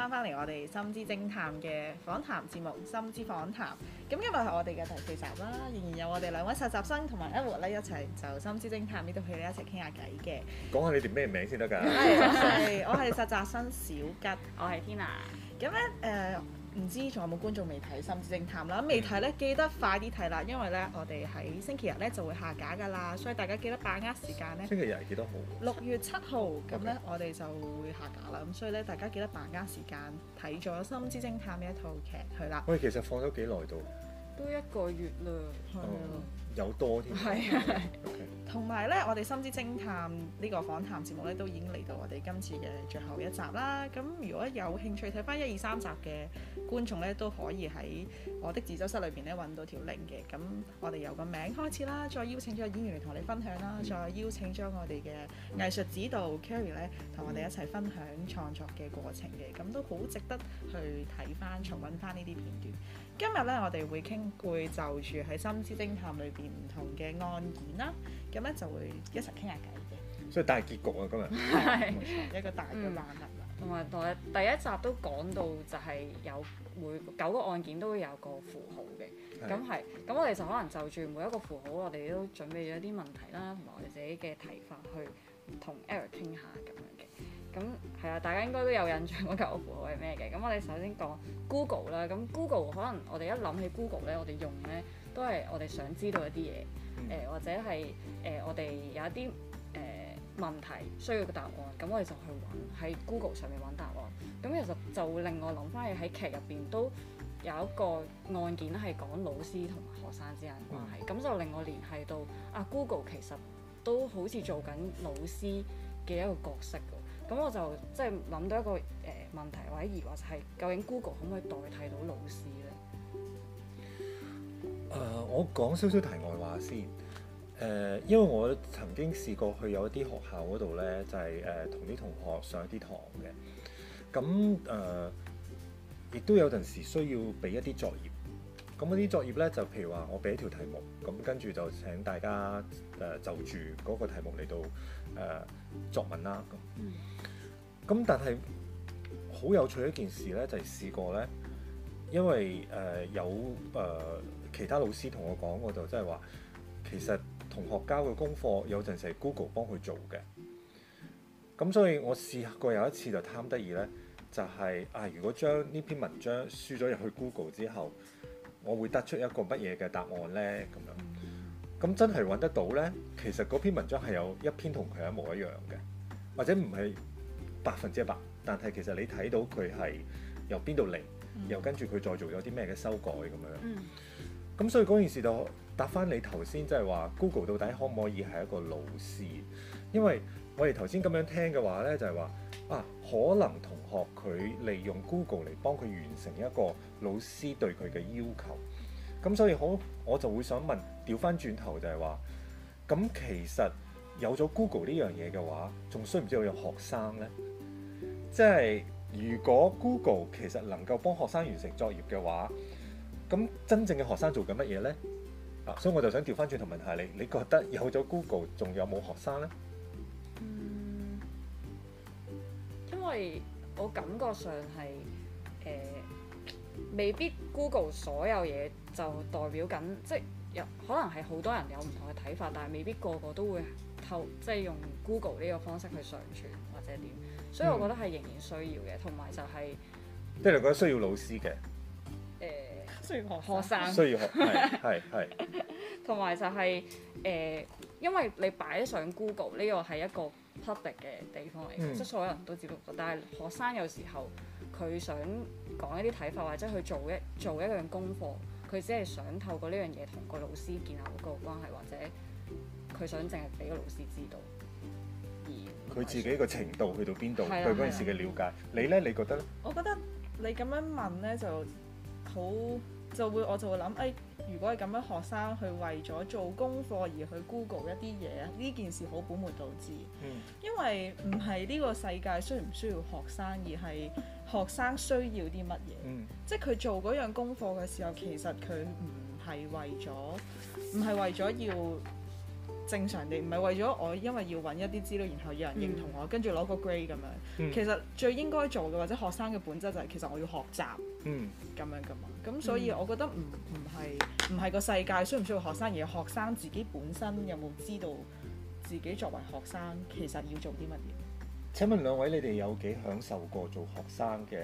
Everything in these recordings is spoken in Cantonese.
翻返嚟我哋《心之偵探》嘅訪談節目《心之訪談》，咁今日係我哋嘅第四集啦，仍然有我哋兩位實習生同埋、e、一活咧一齊就《心之偵探》呢度戲咧一齊傾下偈嘅。講下你哋咩名先得㗎？我係實習生小吉， 我係 Tina。咁咧誒。呃唔知仲有冇觀眾未睇《心之偵探》啦？未睇呢，記得快啲睇啦，因為呢，我哋喺星期日呢就會下架噶啦，所以大家記得把握時間呢！星期日係幾多號？六月七號，咁呢，Okay. 我哋就會下架啦。咁所以呢，大家記得把握時間睇咗《心之偵探》呢一套劇去啦。我哋其實放咗幾耐到？都一個月啦，係啊有多添，係啊的，同埋咧，我哋心之偵探呢、呢個訪談節目咧，都已經嚟到我哋今次嘅最後一集啦。咁如果有興趣睇翻一二三集嘅觀眾咧，都可以喺我嘅自修室裏邊咧揾到條 link 嘅。咁我哋由個名開始啦，再邀請咗演員嚟同你分享啦，嗯、再邀請將我哋嘅藝術指導 Carrie 咧，同我哋一齊分享創作嘅過程嘅。咁都好值得去睇翻、重温翻呢啲片段。今日咧，我哋會傾會就住喺《心之偵探》裏邊唔同嘅案件啦。咁、啊、咧就會一齊傾下偈嘅，所以大結局啊，今日係一個大嘅難題啦。同埋同第一集都講到就係有每九個案件都會有個符號嘅，咁係咁我哋就可能就住每一個符號，我哋都準備咗啲問題啦，同埋我自己嘅睇法去同 Eric 傾下咁。咁係啊，大家應該都有印象嗰個符號係咩嘅。咁我哋首先講 Google 啦。咁 Google 可能我哋一諗起 Google 咧，我哋用咧都係我哋想知道一啲嘢，誒、呃、或者係誒、呃、我哋有一啲誒、呃、問題需要個答案，咁我哋就去喺 Google 上面揾答案。咁其實就會令我諗翻起喺劇入邊都有一個案件係講老師同學生之間關係，咁、嗯、就令我聯繫到啊 Google 其實都好似做緊老師嘅一個角色。咁我就即係諗到一個誒、呃、問題或者疑惑就係，究竟 Google 可唔可以代替到老師咧？誒、呃，我講少少題外話先。誒、呃，因為我曾經試過去有一啲學校嗰度咧，就係誒同啲同學上一啲堂嘅。咁誒，亦、呃、都有陣時需要俾一啲作業。咁嗰啲作業咧，就譬如話我俾一條題目，咁跟住就請大家誒就住嗰個題目嚟到誒、呃、作文啦。咁嗯。咁但係好有趣一件事咧，就係、是、試過咧，因為誒、呃、有誒、呃、其他老師同我講，我就即係話其實同學交嘅功課有陣時係 Google 幫佢做嘅。咁所以我試過有一次就貪、是、得意咧，就係、是、啊，如果將呢篇文章輸咗入去 Google 之後，我會得出一個乜嘢嘅答案咧？咁樣咁真係搵得到咧？其實嗰篇文章係有一篇同佢一模一樣嘅，或者唔係。百分之一百，但係其實你睇到佢係由邊度嚟，又、嗯、跟住佢再做有啲咩嘅修改咁樣。咁、嗯、所以嗰件事就答翻你頭先，即係話 Google 到底可唔可以係一個老師？因為我哋頭先咁樣聽嘅話呢，就係、是、話啊，可能同學佢利用 Google 嚟幫佢完成一個老師對佢嘅要求。咁所以好，我就會想問，調翻轉頭就係話，咁其實。有咗 Google 呢樣嘢嘅話，仲需唔需要有學生呢？即係如果 Google 其實能夠幫學生完成作業嘅話，咁真正嘅學生做緊乜嘢呢？啊，所以我就想調翻轉頭問下你，你覺得有咗 Google 仲有冇學生呢？嗯，因為我感覺上係誒、呃，未必 Google 所有嘢就代表緊，即、就、係、是、可能係好多人有唔同嘅睇法，但係未必個個都會。透即係用 Google 呢個方式去上傳或者點，所以我覺得係仍然需要嘅，同埋就係即係你覺得需要老師嘅，誒、呃、需要學生，學生需要學係係，同埋 就係、是、誒、呃，因為你擺上 Google 呢個係一個 public 嘅地方嚟，嘅、嗯。即所有人都接觸到。但係學生有時候佢想講一啲睇法，或者去做一做一樣功課，佢只係想透過呢樣嘢同個老師建立一個關係，或者。佢想淨係俾個老師知道，而佢自己個程度去到邊度，對嗰件事嘅了解。了你呢？你覺得呢？我覺得你咁樣問呢，就好就會我就會諗誒、哎。如果係咁樣，學生去為咗做功課而去 Google 一啲嘢，呢件事好本末倒置。嗯，因為唔係呢個世界需唔需要學生，而係學生需要啲乜嘢。嗯，即係佢做嗰樣功課嘅時候，其實佢唔係為咗唔係為咗要。正常地唔係為咗我，因為要揾一啲資料，然後有人認同我，嗯、跟住攞個 grade 咁樣。嗯、其實最應該做嘅或者學生嘅本質就係、是、其實我要學習嗯，咁樣噶嘛。咁所以我覺得唔唔係唔係個世界需唔需要學生，而係學生自己本身有冇知道自己作為學生其實要做啲乜嘢？請問兩位，你哋有幾享受過做學生嘅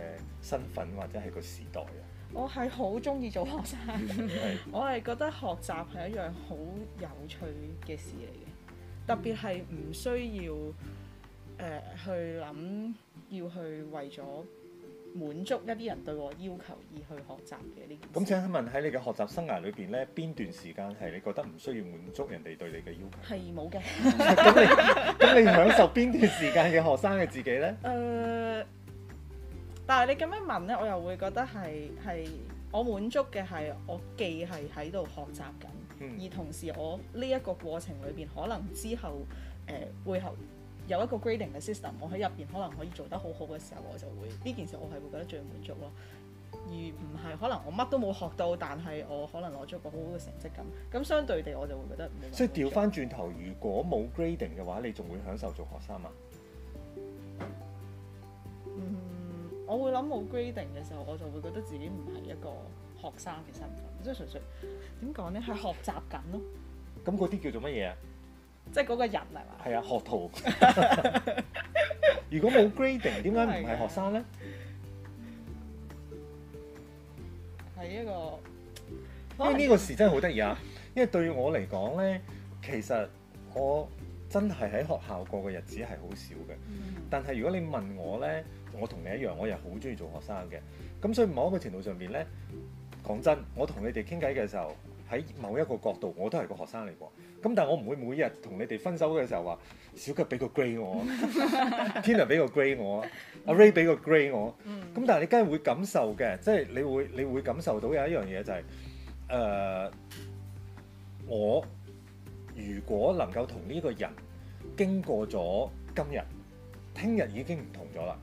身份或者係個時代啊？我係好中意做學生， 我係覺得學習係一樣好有趣嘅事嚟嘅，特別係唔需要、呃、去諗要去為咗滿足一啲人對我要求而去學習嘅呢件事。咁請問喺你嘅學習生涯裏邊呢，邊段時間係你覺得唔需要滿足人哋對你嘅要求？係冇嘅。咁 你，你享受邊段時間嘅學生嘅自己呢？誒、uh。但係你咁樣問咧，我又會覺得係係我滿足嘅係我既係喺度學習緊，嗯、而同時我呢一個過程裏邊，可能之後誒、呃、會有一個 grading 嘅 system，我喺入邊可能可以做得好好嘅時候，我就會呢件事我係會覺得最滿足咯。而唔係可能我乜都冇學到，但係我可能攞咗個好好嘅成績咁，咁相對地我就會覺得。即係調翻轉頭，如果冇 grading 嘅話，你仲會享受做學生啊？我會諗冇 grading 嘅時候，我就會覺得自己唔係一個學生身份，其實唔即係純粹點講咧，係學習緊咯。咁嗰啲叫做乜嘢？即係嗰個人係嘛？係啊，學徒。 如果冇 grading，點解唔係學生咧？係一個。呢個事真係好得意啊！ 因為對我嚟講咧，其實我真係喺學校過嘅日子係好少嘅。但係如果你問我咧，嗯我同你一樣，我又好中意做學生嘅，咁所以某一個程度上邊呢，講真，我同你哋傾偈嘅時候，喺某一個角度我都係個學生嚟喎。咁但係我唔會每日同你哋分手嘅時候話，小吉俾個 grade 我，Tina 俾個 grade 我，阿 Ray 俾個 grade 我。咁但係你梗係會感受嘅，即係你會你會感受到有一樣嘢就係，誒，我如果能夠同呢個人經過咗今日，聽日已經唔同咗啦。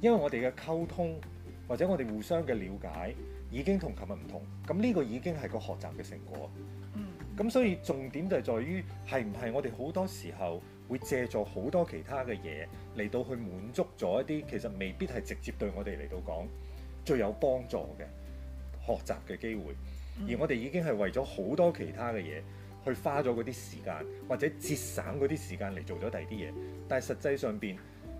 因為我哋嘅溝通，或者我哋互相嘅了解已經同琴日唔同，咁呢個已經係個學習嘅成果。嗯。咁所以重點就係在於係唔係我哋好多時候會借助好多其他嘅嘢嚟到去滿足咗一啲其實未必係直接對我哋嚟到講最有幫助嘅學習嘅機會，而我哋已經係為咗好多其他嘅嘢去花咗嗰啲時間，或者節省嗰啲時間嚟做咗第二啲嘢，但係實際上邊，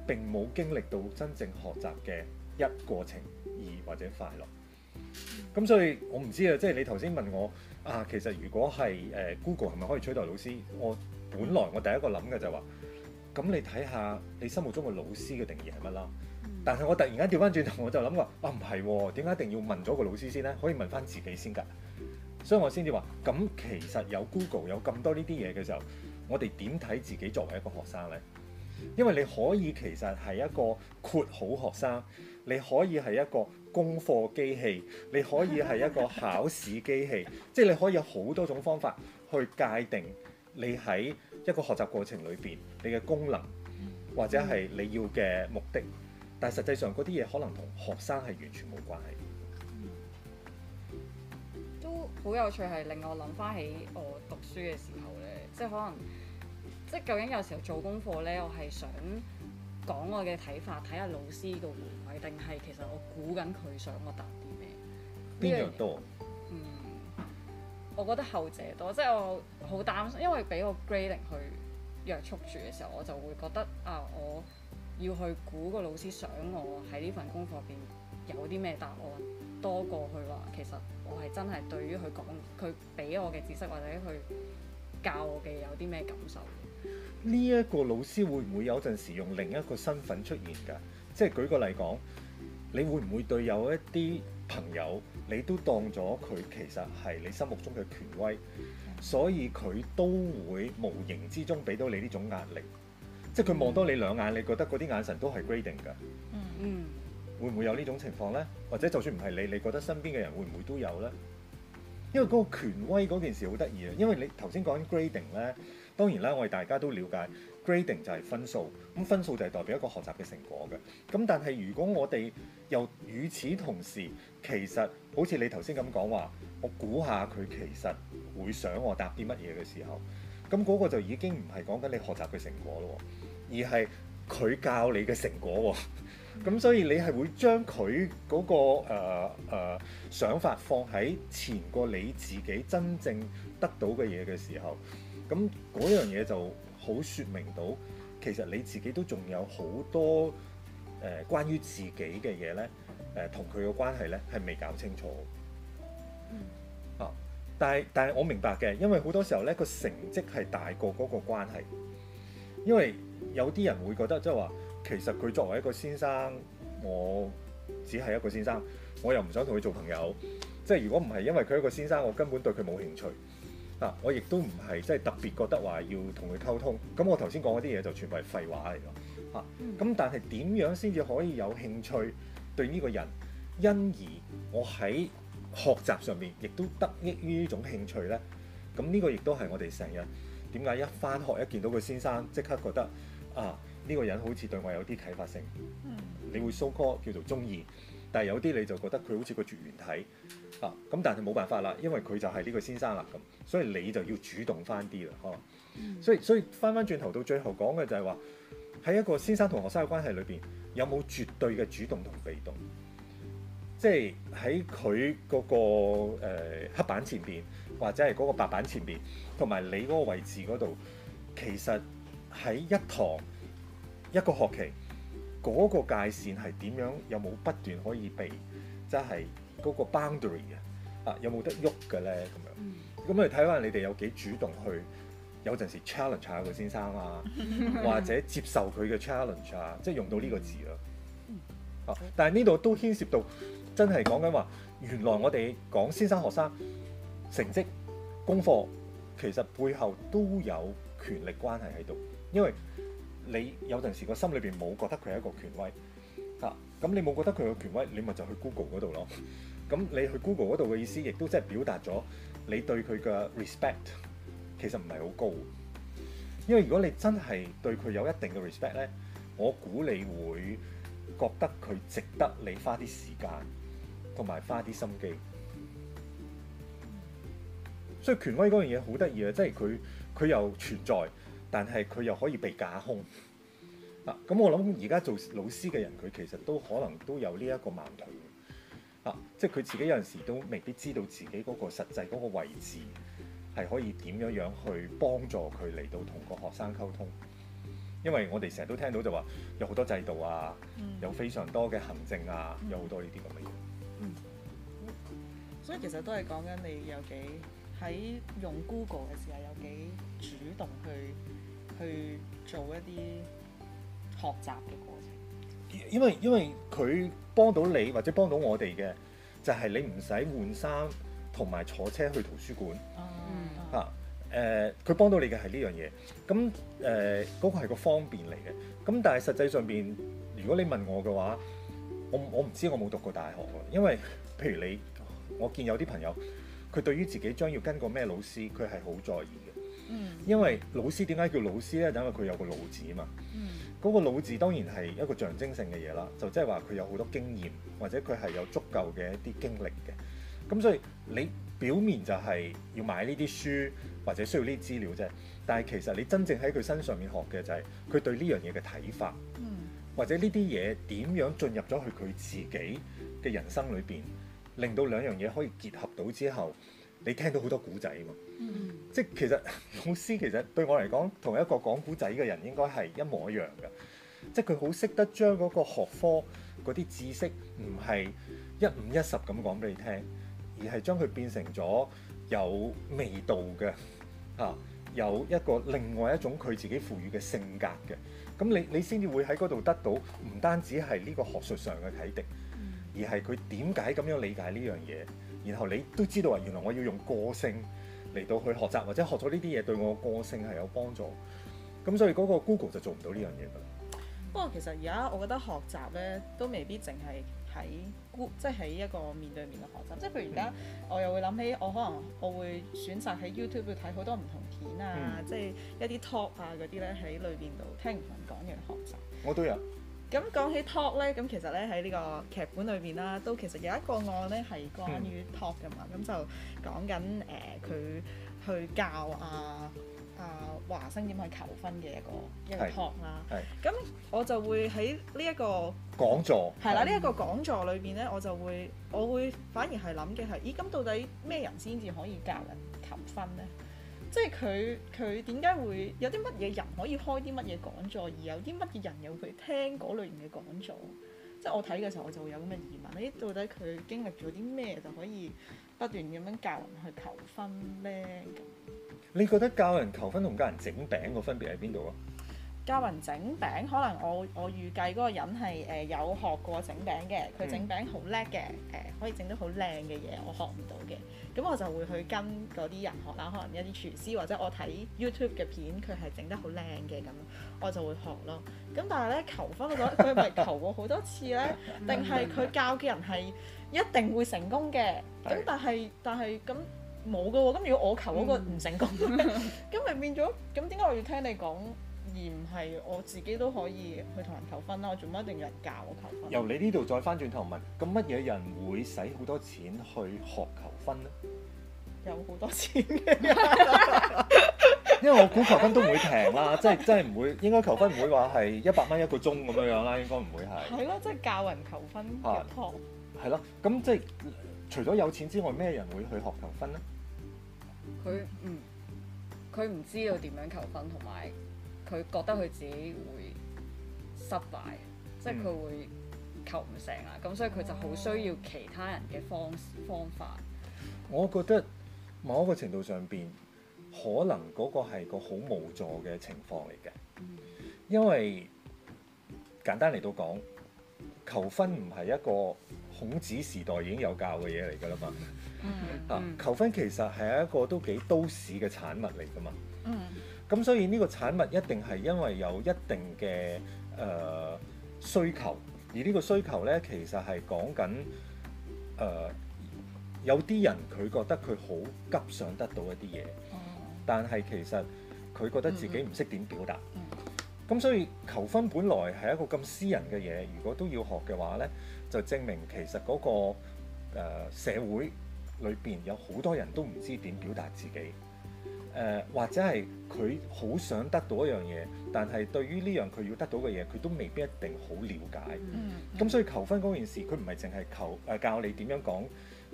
並冇經歷到真正學習嘅一過程二或者快樂，咁所以我唔知啊，即係你頭先問我啊，其實如果係誒 Google 係咪可以取代老師？我本來我第一個諗嘅就係話，咁你睇下你心目中嘅老師嘅定義係乜啦？但係我突然間調翻轉頭，我就諗話啊唔係，點解一定要問咗個老師先呢？可以問翻自己先㗎，所以我先至話，咁其實有 Google 有咁多呢啲嘢嘅時候，我哋點睇自己作為一個學生呢？」因為你可以其實係一個括好學生，你可以係一個功課機器，你可以係一個考試機器， 即係你可以有好多種方法去界定你喺一個學習過程裏邊你嘅功能或者係你要嘅目的，但係實際上嗰啲嘢可能同學生係完全冇關係。都好有趣，係令我諗翻起我讀書嘅時候咧，即係可能。即究竟有時候做功課呢，我係想講我嘅睇法，睇下老師嘅回饋，定係其實我估緊佢想我答啲咩？呢樣多？嗯，我覺得後者多，即係我好擔心，因為俾個 grading 去約束住嘅時候，我就會覺得啊，我要去估個老師想我喺呢份功課入邊有啲咩答案，多過佢話其實我係真係對於佢講佢俾我嘅知識或者佢教我嘅有啲咩感受。呢一個老師會唔會有陣時用另一個身份出現噶？即係舉個例講，你會唔會對有一啲朋友，你都當咗佢其實係你心目中嘅權威，所以佢都會無形之中俾到你呢種壓力？即係佢望多你兩眼，你覺得嗰啲眼神都係 grading 噶？嗯，會唔會有呢種情況呢？或者就算唔係你，你覺得身邊嘅人會唔會都有呢？因為嗰個權威嗰件事好得意啊，因為你頭先講 grading 呢。當然啦，我哋大家都了解 grading 就係分數咁，分數就係代表一個學習嘅成果嘅。咁但係如果我哋又與此同時，其實好似你頭先咁講話，我估下佢其實會想我答啲乜嘢嘅時候，咁嗰個就已經唔係講緊你學習嘅成果咯，而係佢教你嘅成果喎。咁所以你係會將佢嗰個誒、呃呃、想法放喺前過你自己真正得到嘅嘢嘅時候。咁嗰樣嘢就好説明到，其實你自己都仲有好多誒、呃、關於自己嘅嘢咧，誒同佢嘅關係咧係未搞清楚。啊！但係但係我明白嘅，因為好多時候咧個成績係大過嗰個關係，因為有啲人會覺得即係話，其實佢作為一個先生，我只係一個先生，我又唔想同佢做朋友。即係如果唔係因為佢一個先生，我根本對佢冇興趣。啊！我亦都唔係即係特別覺得話要同佢溝通，咁我頭先講嗰啲嘢就全部係廢話嚟咯。嚇、啊！咁但係點樣先至可以有興趣對呢個人？因而我喺學習上面亦都得益於呢種興趣呢。咁呢個亦都係我哋成日點解一返學一見到個先生即刻覺得啊呢、呢個人好似對我有啲啟發性，你會 so call 叫做中意。但係有啲你就覺得佢好似個絕緣體啊，咁但係冇辦法啦，因為佢就係呢個先生啦，咁所以你就要主動返啲啦，哦、啊嗯，所以所以返返轉頭到最後講嘅就係話，喺一個先生同學生嘅關係裏邊，有冇絕對嘅主動同被動？即係喺佢嗰個黑板前邊，或者係嗰個白板前邊，同埋你嗰個位置嗰度，其實喺一堂一個學期。嗰個界線係點樣？有冇不斷可以避？真係嗰個 boundary 啊，啊有冇得喐嘅咧？咁樣咁你睇翻你哋有幾主動去？有陣時 challenge 下個先生啊，或者接受佢嘅 challenge 啊，即係用到呢個字咯，啊。啊，但係呢度都牽涉到真係講緊話，原來我哋講先生學生成績功課，其實背後都有權力關係喺度，因為。你有陣時個心裏邊冇覺得佢係一個權威，嚇、啊、咁你冇覺得佢個權威，你咪就去 Google 嗰度咯。咁 你去 Google 嗰度嘅意思，亦都即係表達咗你對佢嘅 respect 其實唔係好高。因為如果你真係對佢有一定嘅 respect 咧，我估你會覺得佢值得你花啲時間同埋花啲心機。所以權威嗰樣嘢好得意啊，即係佢佢又存在。但係佢又可以被架空咁、啊嗯、我諗而家做老師嘅人，佢其實都可能都有呢一個矛盾、啊、即係佢自己有陣時都未必知道自己嗰個實際嗰個位置係可以點樣樣去幫助佢嚟到同個學生溝通。因為我哋成日都聽到就話有好多制度啊，嗯、有非常多嘅行政啊，嗯、有好多呢啲咁嘅嘢。嗯嗯、所以其實都係講緊你有幾喺用 Google 嘅時候有幾主動去。去做一啲學習嘅過程，因為，因為佢幫到你或者幫到我哋嘅，就係、是、你唔使換衫同埋坐車去圖書館、嗯、啊，誒、呃，佢幫到你嘅係呢樣嘢。咁誒，嗰個係個方便嚟嘅。咁但係實際上邊，如果你問我嘅話，我我唔知我冇讀過大學喎，因為譬如你，我見有啲朋友，佢對於自己將要跟個咩老師，佢係好在意。因為老師點解叫老師呢？就因為佢有個老字啊嘛。嗯，嗰個老字當然係一個象徵性嘅嘢啦，就即係話佢有好多經驗，或者佢係有足夠嘅一啲經歷嘅。咁所以你表面就係要買呢啲書或者需要呢啲資料啫，但係其實你真正喺佢身上面學嘅就係佢對呢樣嘢嘅睇法，或者呢啲嘢點樣進入咗去佢自己嘅人生裏邊，令到兩樣嘢可以結合到之後。你聽到好多古仔嘛，嗯、即其實老師其實對我嚟講，同一個講古仔嘅人應該係一模一樣嘅，即佢好識得將嗰個學科嗰啲知識唔係一五一十咁講俾你聽，而係將佢變成咗有味道嘅，嚇、啊、有一個另外一種佢自己賦予嘅性格嘅，咁你你先至會喺嗰度得到唔單止係呢個學術上嘅啟迪，而係佢點解咁樣理解呢樣嘢。然後你都知道啊，原來我要用個性嚟到去學習，或者學咗呢啲嘢對我個性係有幫助。咁所以嗰個 Google 就做唔到呢樣嘢㗎喇。不過其實而家我覺得學習咧都未必淨係喺即係喺一個面對面嘅學習。即係譬如而家，嗯、我又會諗起我可能我會選擇喺 YouTube 去睇好多唔同片啊，嗯、即係一啲 talk 啊嗰啲咧喺裏邊度聽唔同人講嘢學習。我都有。咁講起 talk 咧，咁其實咧喺呢個劇本裏邊啦，都其實有一個案咧係關於 talk 㗎嘛。咁、嗯、就講緊誒佢去教阿、啊、阿、啊、華生點去求婚嘅一個是一個 talk 啦。係是。咁我就會喺呢一個講座係啦，呢一個講座裏邊咧，我就會我會反而係諗嘅係咦？咁到底咩人先至可以教人求婚咧？即係佢佢點解會有啲乜嘢人可以開啲乜嘢講座，而有啲乜嘢人有佢聽嗰類型嘅講座？即係我睇嘅時候，我就會有咁嘅疑問：呢到底佢經歷咗啲咩就可以不斷咁樣教人去求婚咧？你覺得教人求婚同教人整餅個分別喺邊度啊？教人整餅，可能我我預計嗰個人係誒、呃、有學過整餅嘅，佢整餅好叻嘅，誒、呃、可以整到好靚嘅嘢，我學唔到嘅，咁我就會去跟嗰啲人學啦。可能一啲廚師，或者我睇 YouTube 嘅片，佢係整得好靚嘅咁，我就會學咯。咁但係咧求婚嗰個佢咪求過好多次咧，定係佢教嘅人係一定會成功嘅。咁但係但係咁冇噶喎，咁如果我求嗰個唔成功咧，咁咪、嗯、 變咗咁點解我要聽你講？而唔係我自己都可以去同人求婚啦，我做乜一定要人教我求婚？由你呢度再翻轉頭問，咁乜嘢人會使好多錢去學求婚呢？有好多錢嘅 因為我估求，求婚都唔會平啦，即係即係唔會應該求婚唔會話係一百蚊一個鐘咁樣樣啦，應該唔會係。係咯，即係教人求婚一堂。係咯、啊，咁課即係除咗有錢之外，咩人會去學求婚呢？佢唔佢唔知道點樣求婚同埋。佢覺得佢自己會失敗，嗯、即係佢會求唔成啦，咁所以佢就好需要其他人嘅方方法。我覺得某一個程度上邊，可能嗰個係個好無助嘅情況嚟嘅，因為簡單嚟到講，求婚唔係一個孔子時代已經有教嘅嘢嚟㗎啦嘛。嗯嗯、啊，求婚其實係一個都幾都市嘅產物嚟㗎嘛。嗯咁所以呢個產物一定係因為有一定嘅誒、呃、需求，而呢個需求呢，其實係講緊誒有啲人佢覺得佢好急想得到一啲嘢，嗯、但係其實佢覺得自己唔識點表達。咁、嗯、所以求婚本來係一個咁私人嘅嘢，如果都要學嘅話呢，就證明其實嗰、嗰個、呃、社會裏邊有好多人都唔知點表達自己。誒、呃、或者係佢好想得到一樣嘢，但係對於呢樣佢要得到嘅嘢，佢都未必一定好了解。嗯，咁、嗯、所以求婚嗰件事，佢唔係淨係求誒教你點樣講、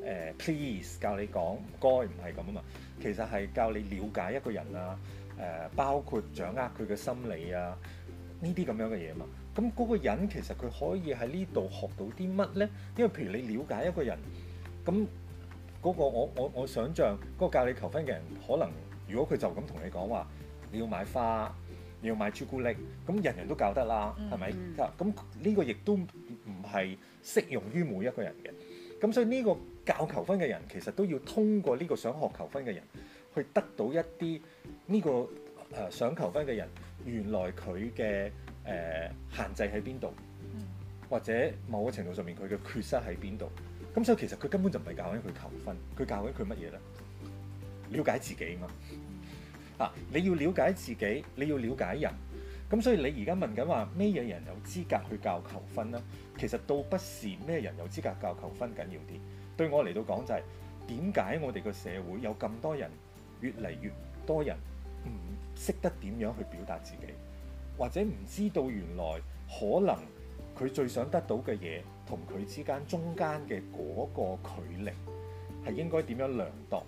呃、please，教你講唔該唔係咁啊嘛。其實係教你了解一個人啊，誒、呃、包括掌握佢嘅心理啊呢啲咁樣嘅嘢嘛。咁嗰個人其實佢可以喺呢度學到啲乜呢？因為譬如你了解一個人，咁嗰個我我我，我想象嗰個教你求婚嘅人可能。如果佢就咁同你講話，你要買花，你要買朱古力，咁人人都教得啦，係咪、mm？咁、hmm. 呢個亦都唔係適用於每一個人嘅。咁所以呢個教求婚嘅人，其實都要通過呢個想學求婚嘅人，去得到一啲呢、呢個誒、呃、想求婚嘅人，原來佢嘅誒限制喺邊度，mm hmm. 或者某個程度上面佢嘅缺失喺邊度。咁所以其實佢根本就唔係教緊佢求婚，佢教緊佢乜嘢咧？了解自己嘛，啊，你要了解自己，你要了解人，咁所以你而家問緊話咩嘢人有資格去教求婚啦？其實倒不是咩人有資格教求婚緊要啲。對我嚟到講就係點解我哋個社會有咁多人，越嚟越多人唔識得點樣去表達自己，或者唔知道原來可能佢最想得到嘅嘢同佢之間中間嘅嗰個距離，係應該點樣量度？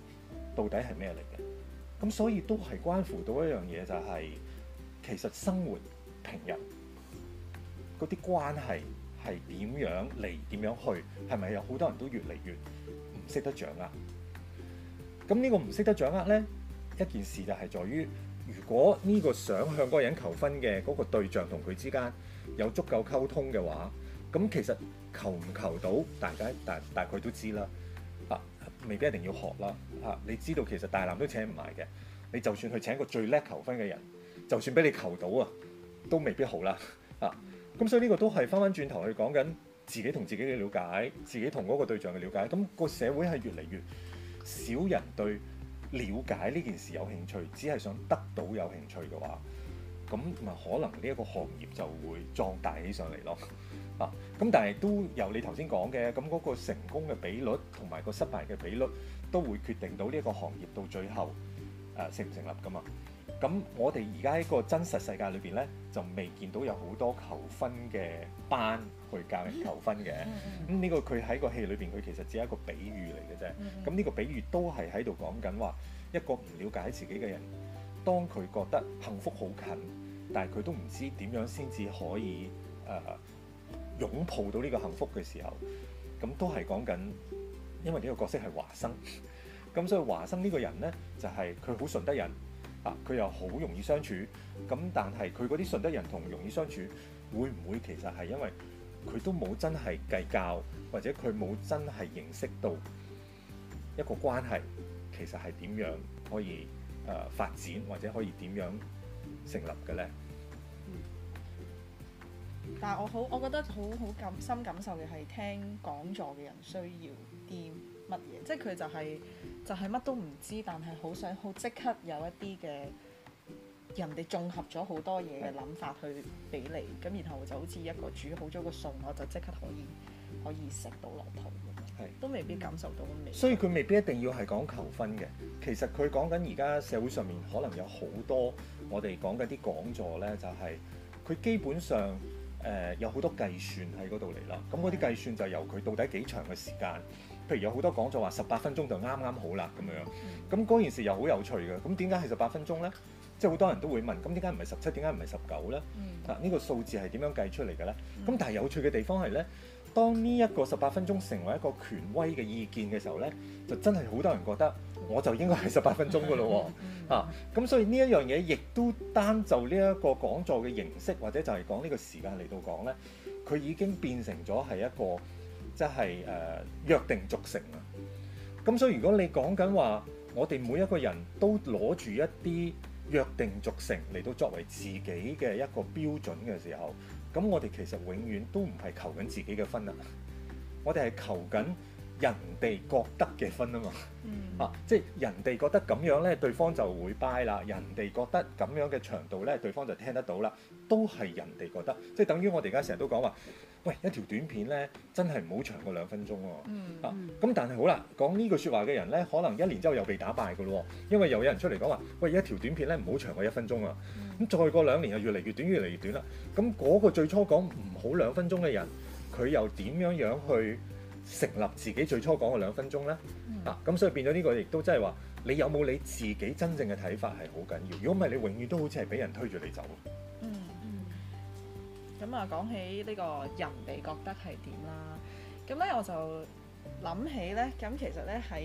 到底係咩嚟嘅？咁所以都係關乎到一樣嘢，就係，就係其實生活平日嗰啲關係係點樣嚟，點樣去，係咪有好多人都越嚟越唔識得掌握？咁呢個唔識得掌握呢，一件事就係在於，如果呢個想向嗰個人求婚嘅嗰個對象同佢之間有足夠溝通嘅話，咁其實求唔求到，大家大大概都知啦。未必一定要學啦，嚇、啊！你知道其實大男都請唔埋嘅，你就算去請個最叻求婚嘅人，就算俾你求到啊，都未必好啦，咁、啊、所以呢個都係翻翻轉頭去講緊自己同自己嘅了解，自己同嗰個對象嘅了解，咁個社會係越嚟越少人對了解呢件事有興趣，只係想得到有興趣嘅話，咁同埋可能呢一個行業就會壯大起上嚟咯。啊啊！咁但係都由你頭先講嘅咁嗰個成功嘅比率同埋個失敗嘅比率都會決定到呢一個行業到最後誒、呃、成唔成立㗎嘛？咁我哋而家喺個真實世界裏邊呢，就未見到有好多求婚嘅班去教人求婚嘅。咁呢、mm hmm. 嗯這個佢喺個戲裏邊佢其實只係一個比喻嚟嘅啫。咁呢、mm hmm. 個比喻都係喺度講緊話一個唔了解自己嘅人，當佢覺得幸福好近，但係佢都唔知點樣先至可以誒。呃擁抱到呢個幸福嘅時候，咁都係講緊，因為呢個角色係華生，咁所以華生呢個人呢，就係佢好順德人啊，佢又好容易相處，咁但係佢嗰啲順德人同容易相處，會唔會其實係因為佢都冇真係計較，或者佢冇真係認識到一個關係其實係點樣可以誒、呃、發展，或者可以點樣成立嘅呢？嗯但係我好，我覺得好好感深感受嘅係聽講座嘅人需要啲乜嘢，即係佢就係、是、就係、是、乜都唔知，但係好想好即刻有一啲嘅人哋綜合咗好多嘢嘅諗法去俾你，咁然後就好似一個煮好咗個餸，我就即刻可以可以食到落肚咁樣，是都未必感受到味道。所以佢未必一定要係講求婚嘅，其實佢講緊而家社會上面可能有好多我哋講緊啲講座呢，就係佢基本上。誒、呃、有好多計算喺嗰度嚟啦，咁嗰啲計算就由佢到底幾長嘅時間，譬如有好多講座話十八分鐘就啱啱好啦咁樣，咁嗰件事又好有趣嘅，咁點解係十八分鐘呢？即係好多人都會問，咁點解唔係十七？點解唔係十九呢？嗱、嗯，呢、啊呢個數字係點樣計出嚟嘅呢？咁但係有趣嘅地方係呢。當呢一個十八分鐘成為一個權威嘅意見嘅時候呢，就真係好多人覺得我就應該係十八分鐘㗎咯喎。咁所以呢一樣嘢亦都單就呢一個講座嘅形式，或者就係講呢個時間嚟到講呢，佢已經變成咗係一個即係誒約定俗成啊。咁所以如果你講緊話，我哋每一個人都攞住一啲約定俗成嚟到作為自己嘅一個標準嘅時候，咁我哋其實永遠都唔係求緊自己嘅分啦，我哋係求緊人哋覺得嘅分啊嘛，嗯、啊，即係人哋覺得咁樣咧，對方就會 buy 啦。人哋覺得咁樣嘅長度咧，對方就聽得到啦。都係人哋覺得，即係等於我哋而家成日都講話，喂，一條短片咧，真係唔好長過兩分鐘喎。啊，咁、嗯嗯啊、但係好啦，講呢句説話嘅人咧，可能一年之後又被打敗噶咯，因為又有人出嚟講話，喂，一條短片咧唔好長過一分鐘啊。咁、嗯、再過兩年又越嚟越短，越嚟越短啦。咁、那、嗰個最初講唔好兩分鐘嘅人，佢又點樣樣去？成立自己最初講嘅兩分鐘啦。嗯、啊，咁所以變咗呢個亦都即係話，你有冇你自己真正嘅睇法係好緊要。如果唔係，你永遠都好似係俾人推住你走嗯。嗯，咁啊，講起呢個人哋覺得係點啦，咁咧我就諗起咧，咁其實咧喺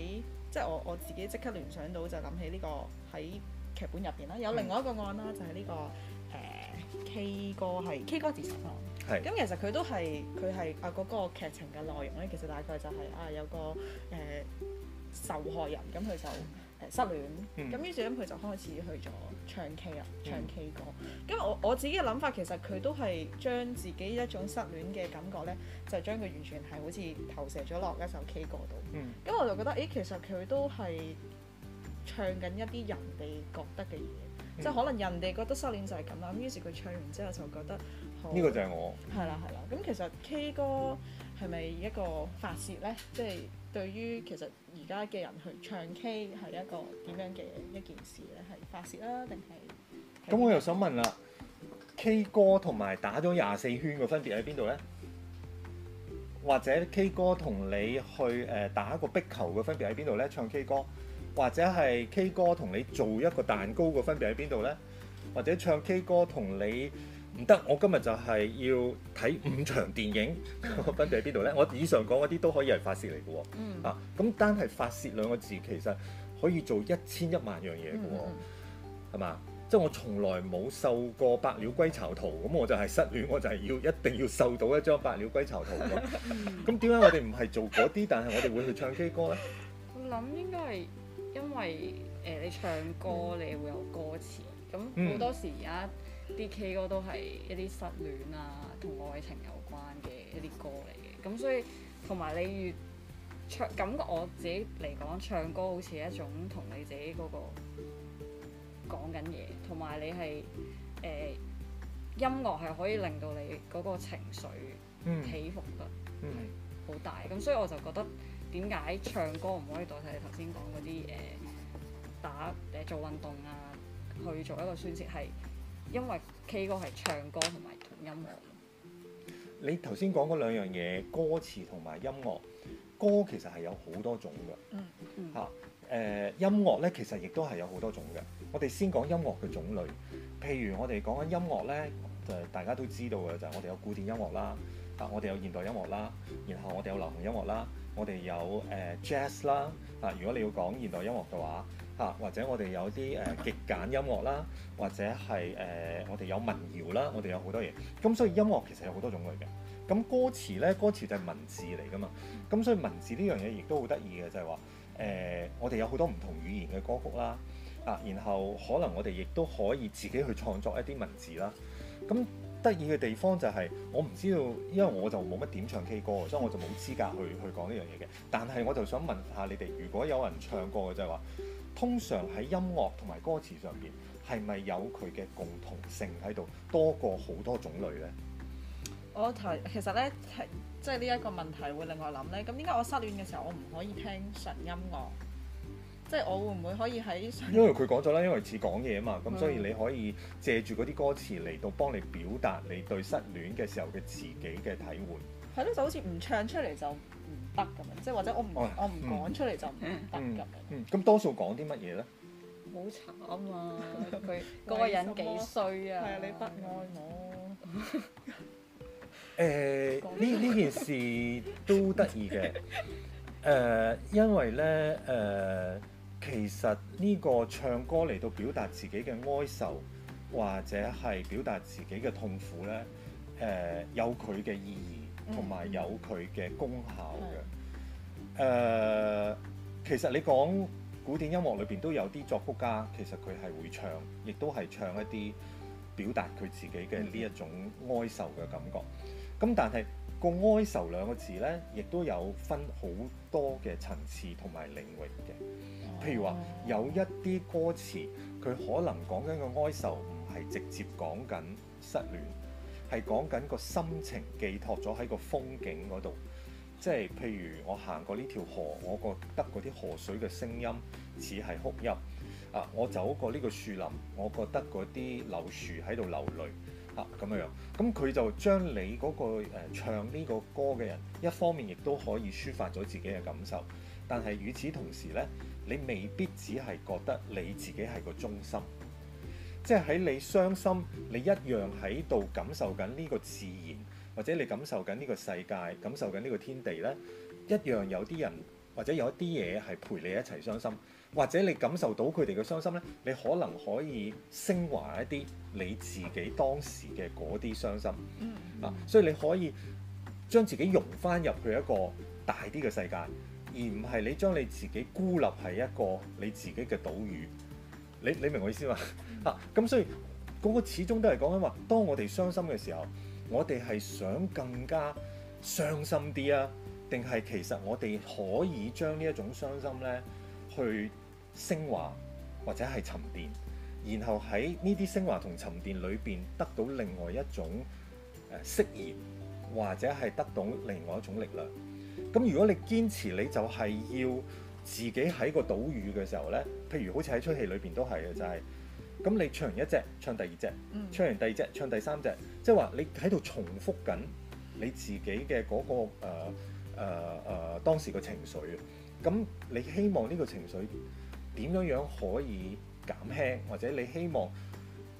即係我我自己即刻聯想到就諗起呢個喺劇本入邊啦，有另外一個案啦，的就係呢、這個誒、呃、K 歌，係的 K 哥自殺案。咁、嗯嗯、其實佢都係佢係啊嗰、那個劇情嘅內容咧，其實大概就係、是、啊有個誒、呃、受害人，咁佢就誒失戀，咁、嗯、於是咁佢就開始去咗唱 K 啊，唱 K 歌。咁、嗯、我我自己嘅諗法其實佢都係將自己一種失戀嘅感覺咧，就將佢完全係好似投射咗落一首 K 歌度。咁、嗯、我就覺得，誒、欸、其實佢都係唱緊一啲人哋覺得嘅嘢，即係、嗯、可能人哋覺得失戀就係咁啦。咁於是佢唱完之後就覺得。呢好個就係我。係啦，係啦。咁其實 K 歌係咪一個發泄呢？即係對於其實而家嘅人去唱 K 係一個點樣嘅一件事呢？係發泄啦、啊，定係？咁我又想問啦，K 歌同埋打咗廿四圈嘅分別喺邊度呢？或者 K 歌同你去誒打一個壁球嘅分別喺邊度呢？唱 K 歌，或者係 K 歌同你做一個蛋糕嘅分別喺邊度呢？或者唱 K 歌同你？唔得，我今日就係要睇五場電影。分別喺邊度呢？ 我以上講嗰啲都可以係發泄嚟嘅喎。嗯、啊，咁單係發泄兩個字，其實可以做一千一萬樣嘢嘅喎。係嘛、嗯？即係、就是、我從來冇受過百鳥歸巢圖，咁我就係失戀，我就係要一定要受到一張百鳥歸巢圖。咁點解我哋唔係做嗰啲，嗯、但係我哋會去唱 K 歌呢？我諗應該係因為誒、呃、你唱歌，你會有歌詞，咁好多時而家。啲 K 歌都係一啲失戀啊，同愛情有關嘅一啲歌嚟嘅。咁所以同埋你越唱，感覺我自己嚟講唱歌好似係一種同你自己嗰、那個講緊嘢，同埋你係誒、呃、音樂係可以令到你嗰個情緒起伏得係好、嗯、大，咁、嗯、所以我就覺得點解唱歌唔可以代替你頭先講嗰啲誒打誒、呃、做運動啊，去做一個宣泄係？因為 K 歌係唱歌同埋同音樂。你頭先講嗰兩樣嘢，歌詞同埋音樂，歌其實係有好多種嘅、嗯。嗯嗯、啊呃。音樂咧，其實亦都係有好多種嘅。我哋先講音樂嘅種類。譬如我哋講緊音樂咧，就係、大家都知道嘅就係、是、我哋有古典音樂啦，啊我哋有現代音樂啦，然後我哋有流行音樂啦，我哋有誒、呃、Jazz 啦。啊，如果你要講現代音樂嘅話。啊，或者我哋有啲誒、呃、極簡音樂啦，或者係誒、呃、我哋有民謠啦，我哋有好多嘢。咁所以音樂其實有好多種類嘅。咁歌詞呢，歌詞就係文字嚟㗎嘛。咁所以文字呢樣嘢亦都好得意嘅，就係話誒，我哋有好多唔同語言嘅歌曲啦。啊，然後可能我哋亦都可以自己去創作一啲文字啦。咁得意嘅地方就係我唔知道，因為我就冇乜點唱 K 歌，所以我就冇資格去去講呢樣嘢嘅。但係我就想問下你哋，如果有人唱歌嘅，就係、是、話。通常喺音樂同埋歌詞上邊，係咪有佢嘅共同性喺度多過好多種類咧？我其實咧，即係呢一個問題會另外諗咧。咁點解我失戀嘅時候我唔可以聽純音樂？即係我會唔會可以喺因為佢講咗啦，因為似講嘢啊嘛，咁所以你可以借住嗰啲歌詞嚟到幫你表達你對失戀嘅時候嘅自己嘅體會。係咯、嗯，就好似唔唱出嚟就得咁樣，即係或者我唔、哦、我唔講出嚟就唔得咁樣。嗯，咁、嗯、多數講啲乜嘢咧？好慘啊！佢嗰、那個人幾衰啊！係啊、哎，你不愛我。誒、呢呢件事都得意嘅。誒、呃，因為咧誒、呃，其實呢個唱歌嚟到表達自己嘅哀愁，或者係表達自己嘅痛苦咧，誒、呃、有佢嘅意義。同埋有佢嘅功效嘅。誒、呃，其實你講古典音樂裏邊都有啲作曲家，其實佢係會唱，亦都係唱一啲表達佢自己嘅呢一種哀愁嘅感覺。咁、嗯、但係個哀愁兩個字呢，亦都有分好多嘅層次同埋領域嘅。譬如話、嗯、有一啲歌詞，佢可能講緊個哀愁唔係直接講緊失戀。係講緊個心情寄託咗喺個風景嗰度，即係譬如我行過呢條河，我覺得嗰啲河水嘅聲音似係哭泣；啊，我走過呢個樹林，我覺得嗰啲柳樹喺度流淚。啊，咁樣樣，咁、嗯、佢就將你嗰、嗰個、呃、唱呢個歌嘅人，一方面亦都可以抒發咗自己嘅感受，但係與此同時呢，你未必只係覺得你自己係個中心。即係喺你傷心，你一樣喺度感受緊呢個自然，或者你感受緊呢個世界，感受緊呢個天地呢，一樣有啲人或者有一啲嘢係陪你一齊傷心，或者你感受到佢哋嘅傷心呢，你可能可以升華一啲你自己當時嘅嗰啲傷心、嗯、啊，所以你可以將自己融返入去一個大啲嘅世界，而唔係你將你自己孤立喺一個你自己嘅島嶼。你你明我意思嘛？嚇、啊，咁所以嗰個始終都係講緊話，當我哋傷心嘅時候，我哋係想更加傷心啲啊，定係其實我哋可以將呢一種傷心咧，去升華或者係沉澱，然後喺呢啲升華同沉澱裏邊得到另外一種誒釋然，或者係得到另外一種力量。咁如果你堅持，你就係要。自己喺個島嶼嘅時候呢，譬如好似喺出戲裏邊都係嘅，就係咁你唱完一隻，唱第二隻，唱完第二隻，唱第三隻，即係話你喺度重複緊你自己嘅嗰個誒誒誒當時嘅情緒啊。咁你希望呢個情緒點樣樣可以減輕，或者你希望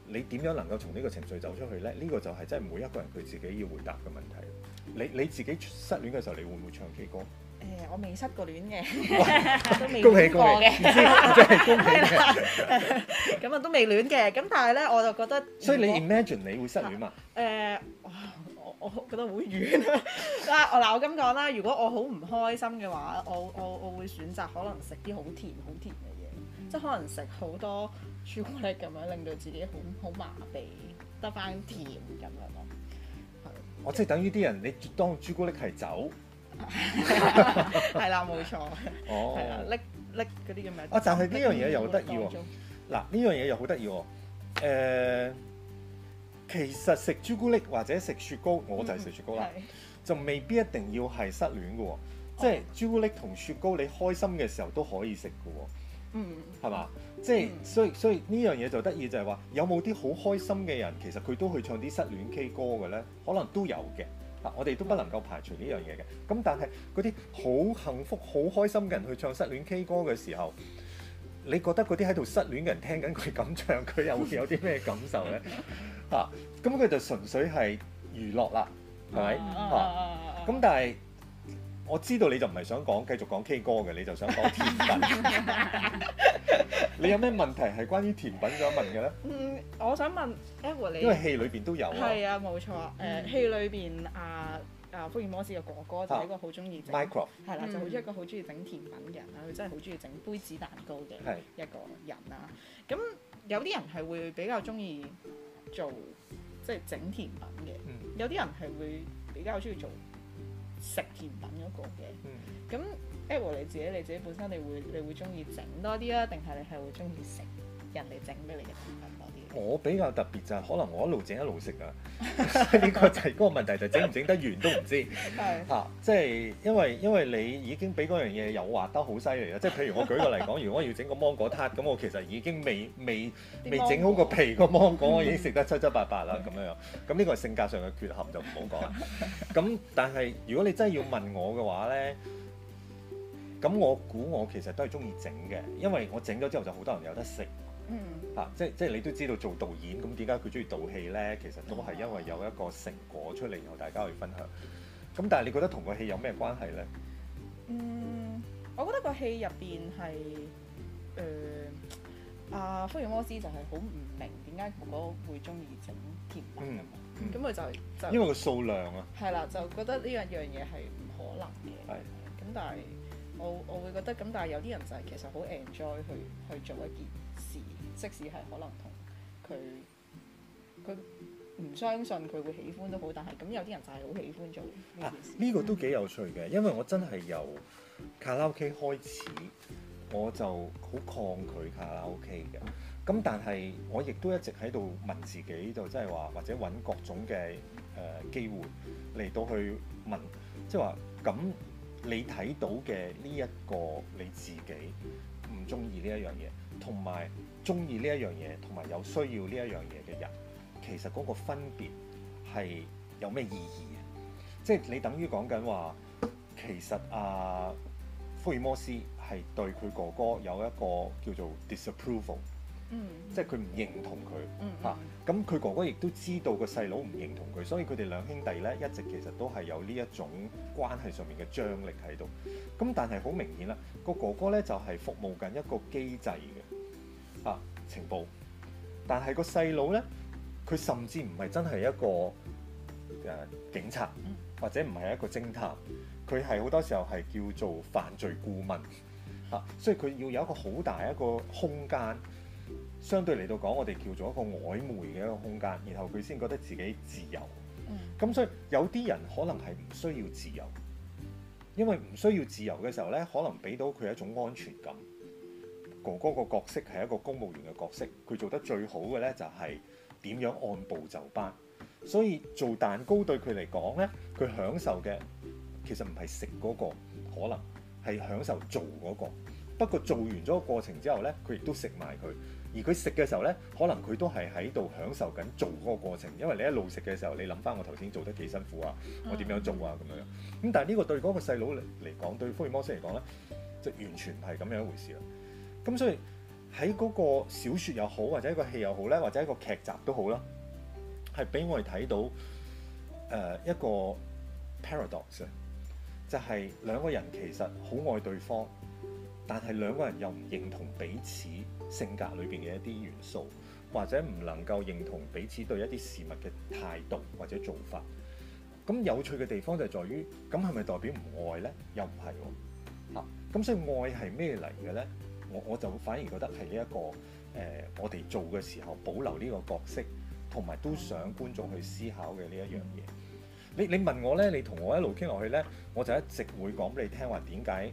你點樣能夠從呢個情緒走出去呢？呢個就係真係每一個人佢自己要回答嘅問題。你你自己失戀嘅時候，你會唔會唱 K 歌？誒、呃，我未失過戀嘅， 都未 恭喜過嘅，真係恭喜嘅。咁啊、 嗯，都未戀嘅，咁但係咧，我就覺得。所以你 imagine 你會失戀嘛？誒、啊呃，我我覺得好遠啊！嗱，嗱，我咁講啦，如果我好唔開心嘅話，我我我會選擇可能食啲好甜好甜嘅嘢，即係可能食好多朱古力咁樣，令到自己好好麻痹，得翻甜咁樣咯。係。我即係等於啲人，你當朱古力係酒。係啦，冇錯。哦，搦搦嗰啲咁樣啊？啊，就係呢樣嘢又得意喎。嗱，呢樣嘢又好得意喎。誒，其實食朱古力或者食雪糕，我就係食雪糕啦，mm hmm. 就未必一定要係失戀嘅喎、哦。即係朱古力同雪糕，你開心嘅時候都可以食嘅喎。嗯、mm。係、hmm. 嘛？即、就、係、是、所以所以呢樣嘢就得意就係、是、話，有冇啲好開心嘅人，其實佢都去唱啲失戀 K 歌嘅咧？可能都有嘅。啊，我哋都不能夠排除呢樣嘢嘅。咁但係嗰啲好幸福、好開心嘅人去唱失戀 K 歌嘅時候，你覺得嗰啲喺度失戀嘅人聽緊佢咁唱，佢又會有啲咩感受呢？ 啊，咁佢就純粹係娛樂啦，係咪？ 啊，咁但係。我知道你就唔係想講繼續講 K 歌嘅，你就想講甜品。 你有咩問題係關於甜品想問嘅咧？嗯，我想問 Eve 你，因為戲裏邊都有。係啊，冇錯啊。誒、啊嗯呃，戲裏邊啊啊福爾摩斯嘅哥哥就係一個好中意整 Micro、啊。係啦，就好中意一個好中意整甜品嘅人啦。佢、嗯、真係好中意整杯子蛋糕嘅一個人啦。咁是有啲人係會比較中意做即係整甜品嘅。嗯、有啲人係會比較中意做。食甜品嗰個嘅，咁、嗯、Ava 你自己你自己本身你會你會中意整多啲啊，定係你係會中意食人哋整俾你嘅甜品多啲？我比較特別就係，可能我一路整一路食啊，呢個就係嗰個問題，就整唔整得完都唔知。係 啊，即係因為因為你已經俾嗰樣嘢誘惑得好犀利啊。即係譬如我舉個例講， 如果我要整個芒果撻，咁我其實已經未未未整好個皮個芒果， 我已經食得七七八八啦咁樣樣。咁呢個係性格上嘅缺陷就唔好講。咁但係如果你真係要問我嘅話咧，咁我估我其實都係中意整嘅，因為我整咗之後就好多人有得食。嗯，嚇、啊，即係即係你都知道做導演，咁點解佢中意導戲咧？其實都係因為有一個成果出嚟，然後、啊、大家去分享。咁但係你覺得同個戲有咩關係咧？嗯，我覺得個戲入邊係誒，阿福爾摩斯就係好唔明點解哥哥會中意整甜品。咁佢、嗯嗯、就就因為個數量啊。係啦，就覺得呢樣樣嘢係唔可能嘅。係的。咁但係我我會覺得，咁但係有啲人就係其實好 enjoy 去去做一件。即使係可能同佢佢唔相信佢會喜歡都好，但係咁有啲人就係好喜歡做。嗱，呢個都幾有趣嘅，因為我真係由卡拉 OK 開始，我就好抗拒卡拉 OK 嘅。咁但係我亦都一直喺度問自己，就即係話或者揾各種嘅誒機會嚟到去問，即係話咁你睇到嘅呢一個你自己唔中意呢一樣嘢，同埋。中意呢一樣嘢，同埋有需要呢一樣嘢嘅人，其實嗰個分別係有咩意義？即係、就是、你等於講緊話，其實啊，福爾摩斯係對佢哥哥有一個叫做 disapproval，mm hmm. 即係佢唔認同佢嚇。咁佢、mm hmm. 啊、哥哥亦都知道個細佬唔認同佢，所以佢哋兩兄弟呢，一直其實都係有呢一種關係上面嘅張力喺度。咁但係好明顯啦，個哥哥呢，就係、是、服務緊一個機制嘅。啊，情報，但係個細佬呢，佢甚至唔係真係一個誒、呃、警察，或者唔係一個偵探，佢係好多時候係叫做犯罪顧問，啊、所以佢要有一個好大一個空間，相對嚟到講，我哋叫做一個曖昧嘅一個空間，然後佢先覺得自己自由。咁、嗯、所以有啲人可能係唔需要自由，因為唔需要自由嘅時候呢，可能俾到佢一種安全感。王哥個角色係一個公務員嘅角色，佢做得最好嘅呢就係點樣按部就班。所以做蛋糕對佢嚟講呢，佢享受嘅其實唔係食嗰個，可能係享受做嗰個。不過做完咗個過程之後呢，佢亦都食埋佢。而佢食嘅時候呢，可能佢都係喺度享受緊做嗰個過程，因為你一路食嘅時候，你諗返我頭先做得幾辛苦啊，我點樣做啊咁樣咁。但係呢個對嗰個細佬嚟嚟講，對福爾摩斯嚟講呢，就完全唔係咁樣一回事啦。咁所以喺嗰個小説又好，或者一個戲又好咧，或者一個劇集都好啦，係俾我哋睇到誒、呃、一個 paradox，就係兩個人其實好愛對方，但係兩個人又唔認同彼此性格裏邊嘅一啲元素，或者唔能夠認同彼此對一啲事物嘅態度或者做法。咁有趣嘅地方就係在於，咁係咪代表唔愛咧？又唔係喎。嚇，咁所以愛係咩嚟嘅咧？我我就反而覺得係呢一個誒、呃，我哋做嘅時候保留呢個角色，同埋都想觀眾去思考嘅呢一樣嘢。你你問我呢，你同我一路傾落去呢，我就一直會講俾你聽話點解誒，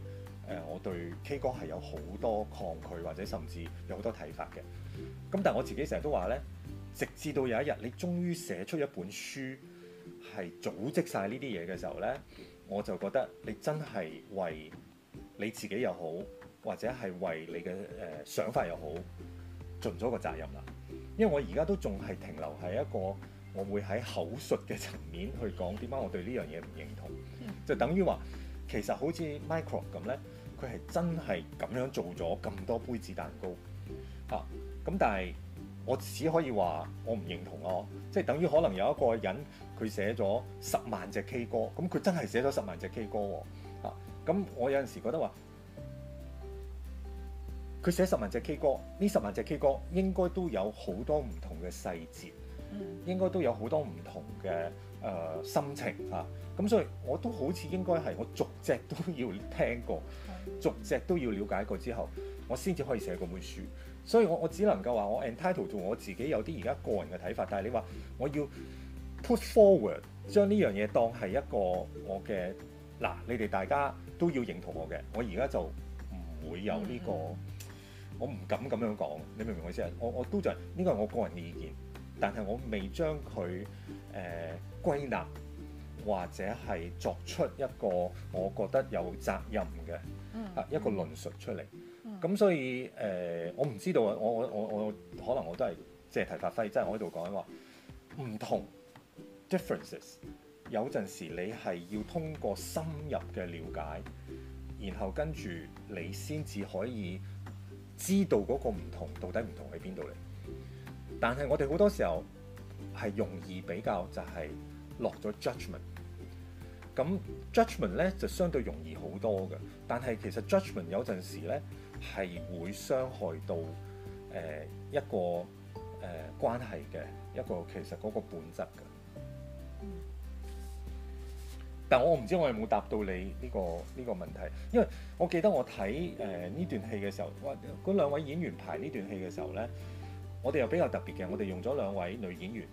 我對 K 歌係有好多抗拒，或者甚至有好多睇法嘅。咁但係我自己成日都話呢，直至到有一日你終於寫出一本書係組織晒呢啲嘢嘅時候呢，我就覺得你真係為你自己又好。或者係為你嘅誒想法又好，盡咗個責任啦。因為我而家都仲係停留喺一個，我會喺口述嘅層面去講點解我對呢樣嘢唔認同，嗯、就等於話其實好似 Micro 咁咧，佢係真係咁樣做咗咁多杯子蛋糕啊。咁但係我只可以話我唔認同囉，即係等於可能有一個人佢寫咗十萬隻 K 歌，咁佢真係寫咗十萬隻 K 歌喎啊。咁我有陣時覺得話，佢寫十萬隻 K 歌，呢十萬隻 K 歌應該都有好多唔同嘅細節，應該都有好多唔同嘅誒、呃、心情嚇。咁、啊、所以我都好似應該係我逐隻都要聽過，逐隻都要了解過之後，我先至可以寫嗰本書。所以我我只能夠話我 entitle 做我自己有啲而家個人嘅睇法，但係你話我要 put forward 將呢樣嘢當係一個我嘅嗱，你哋大家都要認同我嘅。我而家就唔會有呢、這個。嗯嗯。我唔敢咁樣講，你明唔明我意思啊？我我都就呢個係我個人嘅意見，但係我未將佢誒、呃、歸納或者係作出一個我覺得有責任嘅、嗯啊、一個論述出嚟。咁、嗯、所以誒、呃，我唔知道，我我我我可能我都係借題發揮，即、就、係、是、我喺度講話唔同 differences 有陣時你係要通過深入嘅了解，然後跟住你先至可以。知道嗰個唔同到底唔同喺邊度嚟？但係我哋好多時候係容易比較就係落咗 judgment。咁 judgment 咧就相對容易好多嘅，但係其實 judgment 有陣時咧係會傷害到誒、呃、一個誒、呃、關係嘅一個其實嗰個本質嘅。但我唔知我有冇答到你呢、呢個呢、呢個問題，因為我記得我睇誒呢段戲嘅時候，哇！嗰兩位演員排呢段戲嘅時候咧，我哋又比較特別嘅，我哋用咗兩位女演員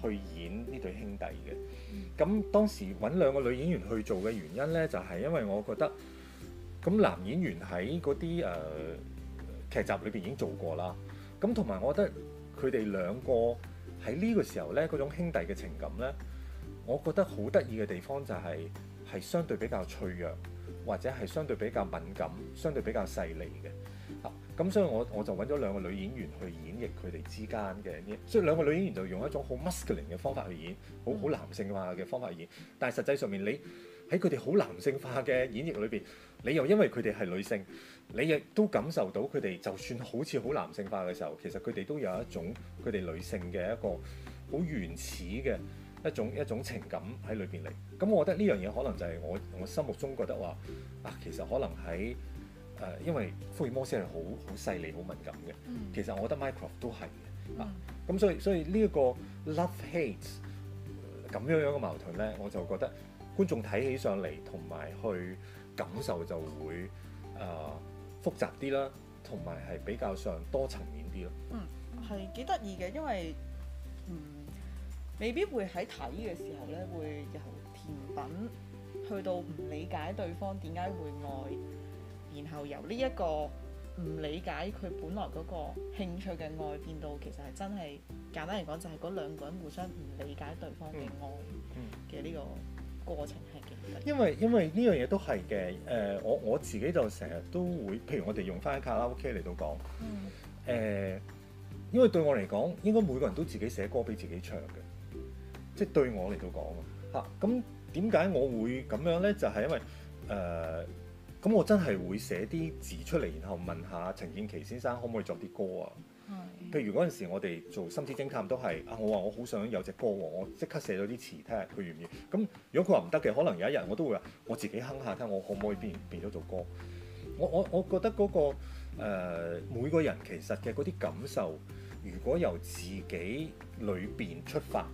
去演呢對兄弟嘅。咁當時揾兩個女演員去做嘅原因咧，就係、是、因為我覺得咁男演員喺嗰啲誒劇集裏邊已經做過啦。咁同埋我覺得佢哋兩個喺呢個時候咧，嗰種兄弟嘅情感咧。我覺得好得意嘅地方就係、係、係相對比較脆弱，或者係相對比較敏感、相對比較細膩嘅。咁、啊、所以我我就揾咗兩個女演員去演繹佢哋之間嘅啲，所以兩個女演員就用一種好 masculine 嘅方法去演，好好男性化嘅方法去演。但係實際上面，你喺佢哋好男性化嘅演繹裏邊，你又因為佢哋係女性，你亦都感受到佢哋就算好似好男性化嘅時候，其實佢哋都有一種佢哋女性嘅一個好原始嘅。一種一種情感喺裏邊嚟，咁我覺得呢樣嘢可能就係我我心目中覺得話啊，其實可能喺誒、呃，因為福《福爾摩斯》係好好細膩、好敏感嘅，嗯、其實我覺得《Minecraft、嗯》都係啊，咁所以所以呢一個 love hate 咁、呃、樣樣嘅矛盾呢，我就覺得觀眾睇起上嚟同埋去感受就會啊、呃、複雜啲啦，同埋係比較上多層面啲咯。嗯，係幾得意嘅，因為。未必會喺睇嘅時候咧，會由甜品去到唔理解對方點解會愛，然後由呢一個唔理解佢本來嗰個興趣嘅愛變到，其實係真係簡單嚟講，就係嗰兩個人互相唔理解對方嘅愛嘅呢個過程係幾複雜。因為因為呢樣嘢都係嘅，誒、呃、我我自己就成日都會，譬如我哋用翻卡拉 OK 嚟到講，誒、嗯呃，因為對我嚟講，應該每個人都自己寫歌俾自己唱嘅。即係對我嚟到講啊，嚇咁點解我會咁樣呢？就係、是、因為誒咁，呃、我真係會寫啲字出嚟，然後問下陳建奇先生可唔可以作啲歌啊？譬是如嗰陣時，我哋做心之偵探都係啊，我話我好想有隻歌喎，我即刻寫咗啲詞，睇下佢願唔願。咁、嗯、如果佢話唔得嘅，可能有一日我都會話我自己哼下，睇下我可唔可以變變咗做歌。我我我覺得嗰、那個、呃、每個人其實嘅嗰啲感受，如果由自己裏邊出發，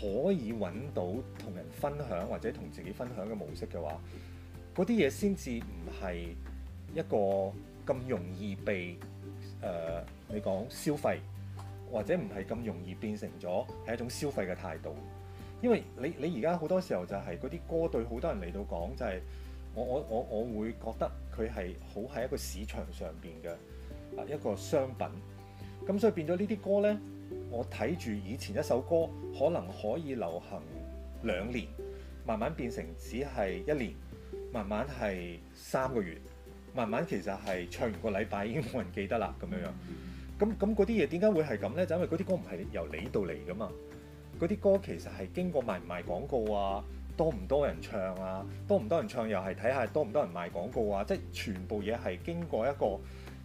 可以揾到同人分享或者同自己分享嘅模式嘅話，嗰啲嘢先至唔係一個咁容易被誒、呃、你講消費，或者唔係咁容易變成咗係一種消費嘅態度。因為你你而家好多時候就係嗰啲歌對好多人嚟到講就係、是、我我我我會覺得佢係好喺一個市場上邊嘅啊一個商品，咁所以變咗呢啲歌咧。我睇住以前一首歌，可能可以流行兩年，慢慢變成只係一年，慢慢係三個月，慢慢其實係唱完個禮拜已經冇人記得啦，咁樣樣。咁咁嗰啲嘢點解會係咁呢？就因為嗰啲歌唔係由你度嚟噶嘛。嗰啲歌其實係經過賣唔賣廣告啊，多唔多人唱啊，多唔多人唱又係睇下多唔多人賣廣告啊，即係全部嘢係經過一個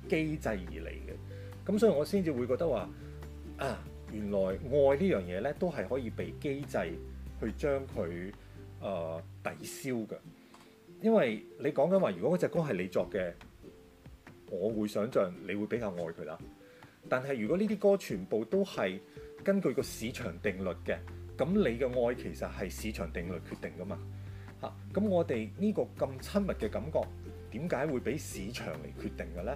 機制而嚟嘅。咁所以我先至會覺得話。啊，原來愛呢樣嘢呢，都係可以被機制去將佢誒抵消嘅，因為你講緊話，如果嗰隻歌係你作嘅，我會想像你會比較愛佢啦。但係如果呢啲歌全部都係根據個市場定律嘅，咁你嘅愛其實係市場定律決定噶嘛？嚇、啊，咁我哋呢個咁親密嘅感覺，點解會俾市場嚟決定嘅呢？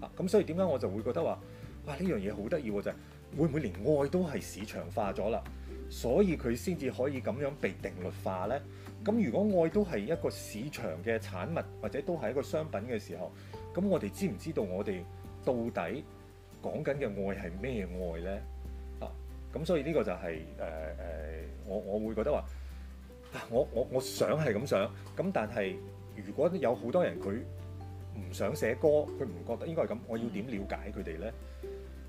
啊，咁所以點解我就會覺得話，哇！呢樣嘢好得意喎，就係會唔會連愛都係市場化咗啦？所以佢先至可以咁樣被定律化呢。咁如果愛都係一個市場嘅產物，或者都係一個商品嘅時候，咁我哋知唔知道我哋到底講緊嘅愛係咩愛呢？啊！咁所以呢個就係誒誒，我我會覺得話，啊！我我我想係咁想，咁但係如果有好多人佢唔想寫歌，佢唔覺得應該係咁。我要點了解佢哋呢？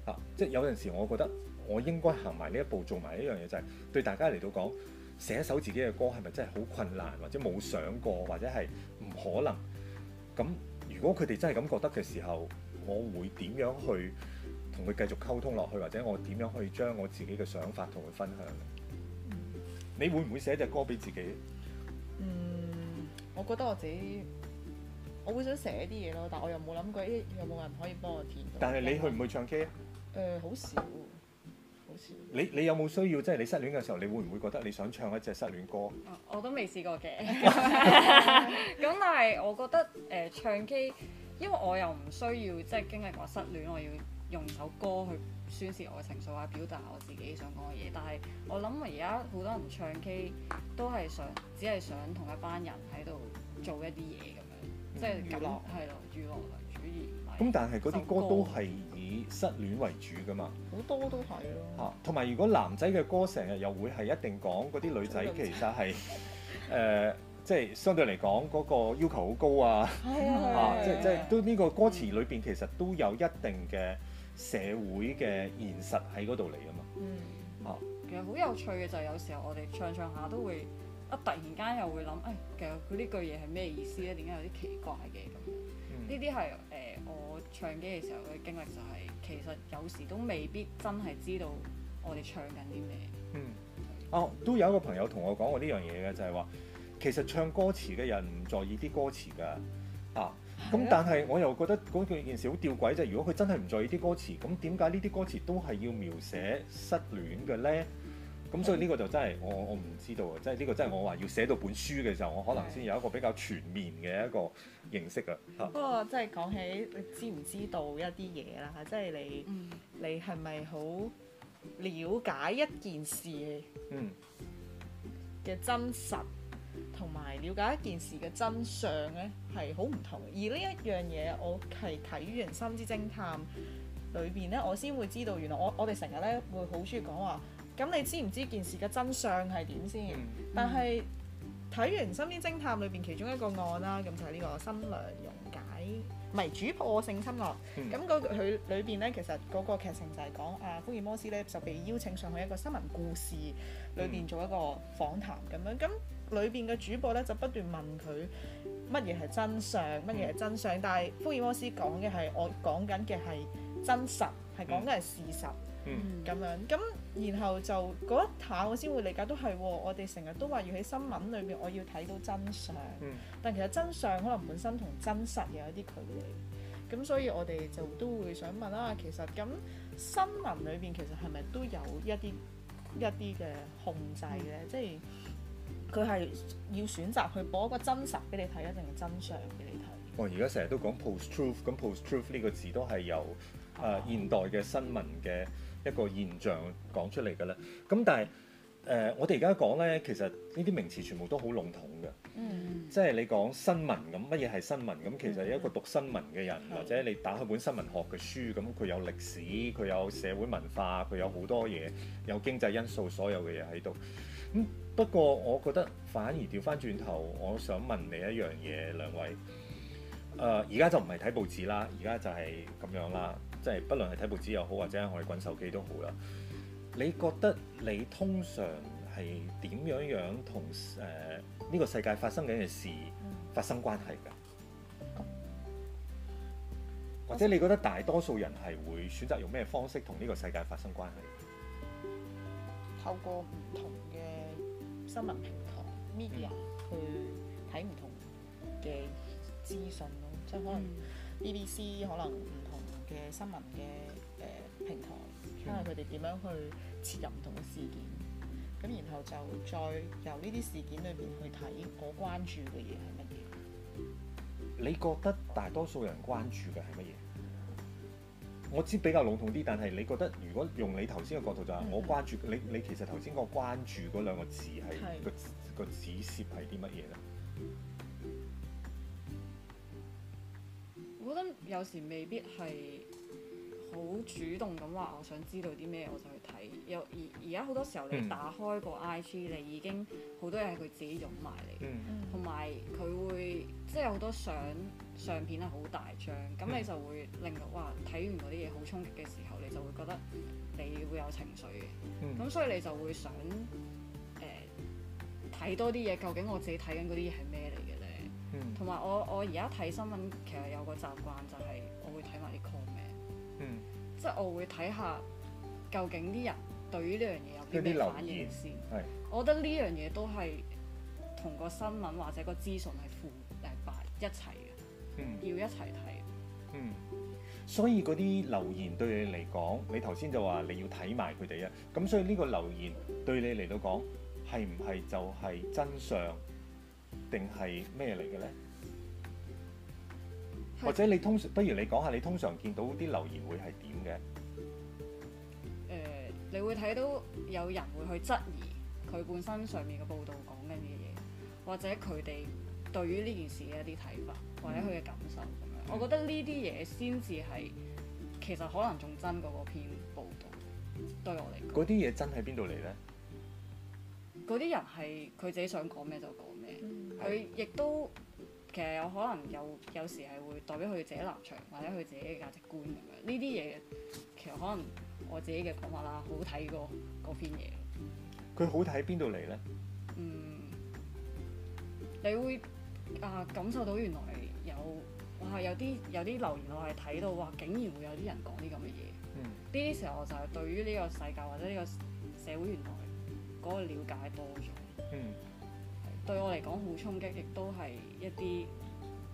啊、即係有陣時，我覺得我應該行埋呢一步，做埋一樣嘢，就係、是、對大家嚟到講，寫一首自己嘅歌係咪真係好困難，或者冇想過，或者係唔可能？咁如果佢哋真係咁覺得嘅時候，我會點樣去同佢繼續溝通落去，或者我點樣去將我自己嘅想法同佢分享？嗯、你會唔會寫隻歌俾自己？嗯？我覺得我自己。我會想寫啲嘢咯，但我又冇諗過，誒、欸、有冇人可以幫我填到。但係你去唔去唱 K 啊？誒，好少，好少。你你有冇需要？即、就、係、是、你失戀嘅時候，你會唔會覺得你想唱一隻失戀歌？我，我都未試過嘅。咁但係我覺得誒、呃、唱 K，因為我又唔需要即係、就是、經歷過失戀，我要用首歌去宣泄我嘅情緒啊，表達我自己想講嘅嘢。但係我諗而家好多人唱 K 都係想，只係想同一班人喺度做一啲嘢咁。即係娛樂係咯，娛樂為主而咁，但係嗰啲歌都係以失戀為主噶嘛。好多都係咯。嚇，同埋如果男仔嘅歌成日又會係一定講嗰啲女仔其實係誒、即係相對嚟講嗰個要求好高啊。係啊。嚇，即即係都呢個歌詞裏邊其實都有一定嘅社會嘅現實喺嗰度嚟噶嘛。嗯。嚇，其實好有趣嘅就係有時候我哋唱唱下都會，突然間又會諗，誒、哎，其實佢呢句嘢係咩意思咧？點解有啲奇怪嘅咁？呢啲係誒我唱 K 嘅時候嘅經歷、就是，就係其實有時都未必真係知道我哋唱緊啲咩。嗯。哦，都有一個朋友同我講過呢樣嘢嘅，就係、是、話其實唱歌詞嘅人唔在意啲歌詞㗎。啊。咁、啊、但係我又覺得嗰件事好吊詭，就係。如果佢真係唔在意啲歌詞，咁點解呢啲歌詞都係要描寫失戀嘅咧？咁、嗯、所以呢個就真係我我唔知道啊！即係呢個真係我話要寫到本書嘅時候，我可能先有一個比較全面嘅一個認識啊。不過是的、嗯，即係講起你知唔知道一啲嘢啦，即係你你係咪好了解一件事嘅真實，同埋了解一件事嘅真相呢？係好唔同。而呢一樣嘢，我係睇完《心之偵探》裏邊呢，我先會知道原來我我哋成日呢會好中意講話。咁你知唔知件事嘅真相係點先？但係睇完《心之偵探》裏邊其中一個案啦，咁就係呢個新娘溶解，迷係是主播性侵案。咁佢裏邊呢，其實嗰個劇情就係講啊，福爾摩斯呢，就被邀請上去一個新聞故事裏邊做一個訪談咁樣。咁裏邊嘅主播呢，就不斷問佢乜嘢係真相，乜嘢係真相。但係福爾摩斯講嘅係我講緊嘅係真實，係講緊係事實。嗯嗯，咁樣，咁然後就嗰一下我先會理解，都係喎、哦。我哋成日都話要喺新聞裏邊，我要睇到真相。嗯、但其實真相可能本身同真實有一啲距離。嗯。咁所以我哋就都會想問啦、啊，其實咁新聞裏邊其實係咪都有一啲一啲嘅控制嘅？即係佢係要選擇去播一個真實俾你睇，一定係真相俾你睇？我而家成日都講 post truth，咁 post truth 呢個字都係由誒、呃、現代嘅新聞嘅，一個現象講出嚟嘅咧，咁但係誒、呃，我哋而家講咧，其實呢啲名詞全部都好籠統嘅，嗯、即係你講新聞咁，乜嘢係新聞咁？其實一個讀新聞嘅人，或者你打開本新聞學嘅書，咁佢有歷史，佢有社會文化，佢有好多嘢，有經濟因素，所有嘅嘢喺度。咁、嗯、不過，我覺得反而掉返轉頭，我想問你一樣嘢，兩位誒，而、呃、家就唔係睇報紙啦，而家就係咁樣啦。即係，不論係睇報紙又好，或者我哋滾手機都好啦。你覺得你通常係點樣樣同誒呢個世界發生緊嘅事發生關係㗎？嗯、或者你覺得大多數人係會選擇用咩方式同呢個世界發生關係？透過唔同嘅新聞平台、media 去睇唔同嘅資訊咯，嗯、即係可能 BBC、嗯、可能。嘅新聞嘅誒、呃、平台，因為佢哋點樣去切入唔同嘅事件，咁然後就再由呢啲事件裏邊去睇我關注嘅嘢係乜嘢？你覺得大多數人關注嘅係乜嘢？我知比較籠統啲，但係你覺得如果用你頭先嘅角度就係我關注，的你，你其實頭先個關注嗰兩個字係的、那個個指涉係啲乜嘢啊？我覺得有時未必係好主動咁話我想知道啲咩，我就去睇。有而而家好多時候，你打開個 IG，你已經好多嘢,係佢自己湧埋嚟，同埋佢會即係好多相相片係好大張，咁你就會令到哇睇完啲嘢好衝擊嘅時候，你就會覺得你會有情緒嘅，咁、嗯、所以你就會想誒睇、呃、多啲嘢。究竟我自己睇緊啲嘢係咩嚟？同埋、嗯、我我而家睇新聞，其實有個習慣就係我會睇埋啲 comment，嗯，即係我會睇下究竟啲人對於呢樣嘢有啲咩反應先，係是，我覺得呢樣嘢都係同個新聞或者個資訊係附誒擺一齊嘅，嗯、要一齊睇，嗯，所以嗰啲留言對你嚟講，你頭先就話你要睇埋佢哋啊，咁所以呢個留言對你嚟到講係唔係就係真相？定係咩嚟嘅咧？呢的或者你通常，不如你講下你通常見到啲留言會係點嘅？誒、呃，你會睇到有人會去質疑佢本身上面嘅報導講緊嘅嘢，或者佢哋對於呢件事嘅一啲睇法、嗯、或者佢嘅感受咁樣。我覺得呢啲嘢先至係其實可能仲真過嗰篇報導對我嚟講。嗰啲嘢真喺邊度嚟咧？嗰啲人係佢自己想講咩就講。佢亦、嗯、都其實有可能有有時係會代表佢自己立場，或者佢自己嘅價值觀咁樣呢啲嘢，其實可能我自己嘅講法啦，好睇過嗰篇嘢。佢好睇邊度嚟咧？嗯，你會啊感受到原來有哇有啲有啲留言我係睇到哇，竟然會有啲人講啲咁嘅嘢。呢啲、嗯、時候我就係對於呢個世界或者呢個社會原來嗰個瞭解多咗。嗯。對我嚟講好衝擊，亦都係一啲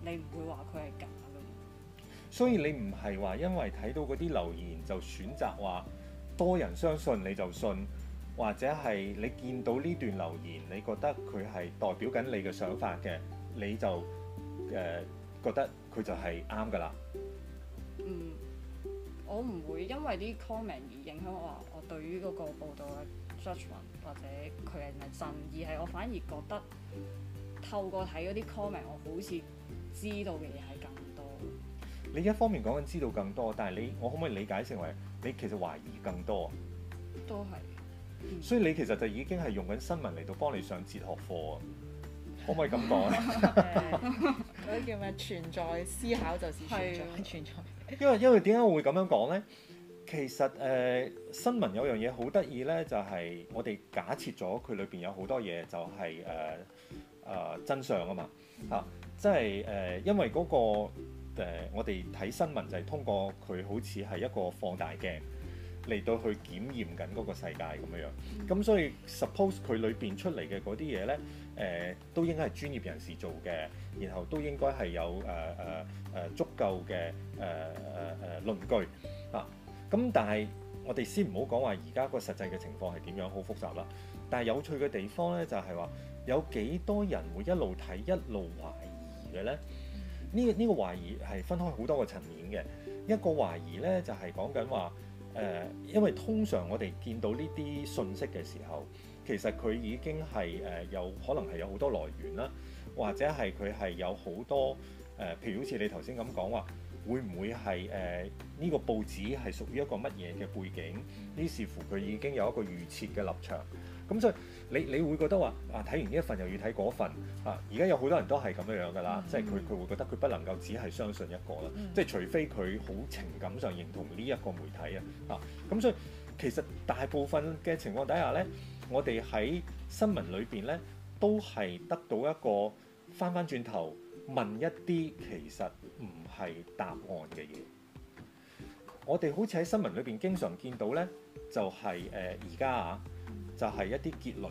你唔會話佢係假嘅。所以你唔係話因為睇到嗰啲留言就選擇話多人相信你就信，或者係你見到呢段留言，你覺得佢係代表緊你嘅想法嘅，你就誒、呃、覺得佢就係啱㗎啦。我唔會因為啲 comment 而影響我我對於嗰個報導咧。search one 或者佢係唔係真？而係我反而覺得透過睇嗰啲 comment，我好似知道嘅嘢係更多。你一方面講緊知道更多，但係你我可唔可以理解成為你其實懷疑更多？都係。嗯、所以你其實就已經係用緊新聞嚟到幫你上哲學課啊？可唔可以咁講咧？嗰啲叫咩？存在思考就是存在， 存在 因。因為因為點解我會咁樣講咧？其實誒、呃、新聞有樣嘢好得意咧，就係、是、我哋假設咗佢裏邊有好多嘢、就是，就係誒誒真相嘛啊嘛嚇，即係誒、呃、因為嗰、那個、呃、我哋睇新聞就係通過佢好似係一個放大鏡嚟到去檢驗緊嗰個世界咁樣樣，咁所以 suppose 佢裏邊出嚟嘅嗰啲嘢咧誒都應該係專業人士做嘅，然後都應該係有誒誒誒足夠嘅誒誒誒論據啊。咁但係我哋先唔好講話而家個實際嘅情況係點樣，好複雜啦。但係有趣嘅地方咧，就係話有幾多人會一路睇一路懷疑嘅咧？呢個呢個懷疑係分開好多個層面嘅。一個懷疑咧，就係講緊話誒，因為通常我哋見到呢啲信息嘅時候，其實佢已經係誒有可能係有好多來源啦，或者係佢係有好多誒、呃，譬如好似你頭先咁講話。會唔會係誒呢個報紙係屬於一個乜嘢嘅背景？於是乎佢已經有一個預設嘅立場。咁所以你你會覺得話啊，睇完呢一份又要睇嗰份啊。而家有好多人都係咁樣樣㗎啦，嗯、即係佢佢會覺得佢不能夠只係相信一個啦，嗯、即係除非佢好情感上認同呢一個媒體啊。啊，咁所以其實大部分嘅情況底下呢，我哋喺新聞裏邊呢，都係得到一個返返轉頭問一啲其實唔係答案嘅嘢，我哋好似喺新聞裏邊經常見到呢，就係誒而家啊，就係、是、一啲結論。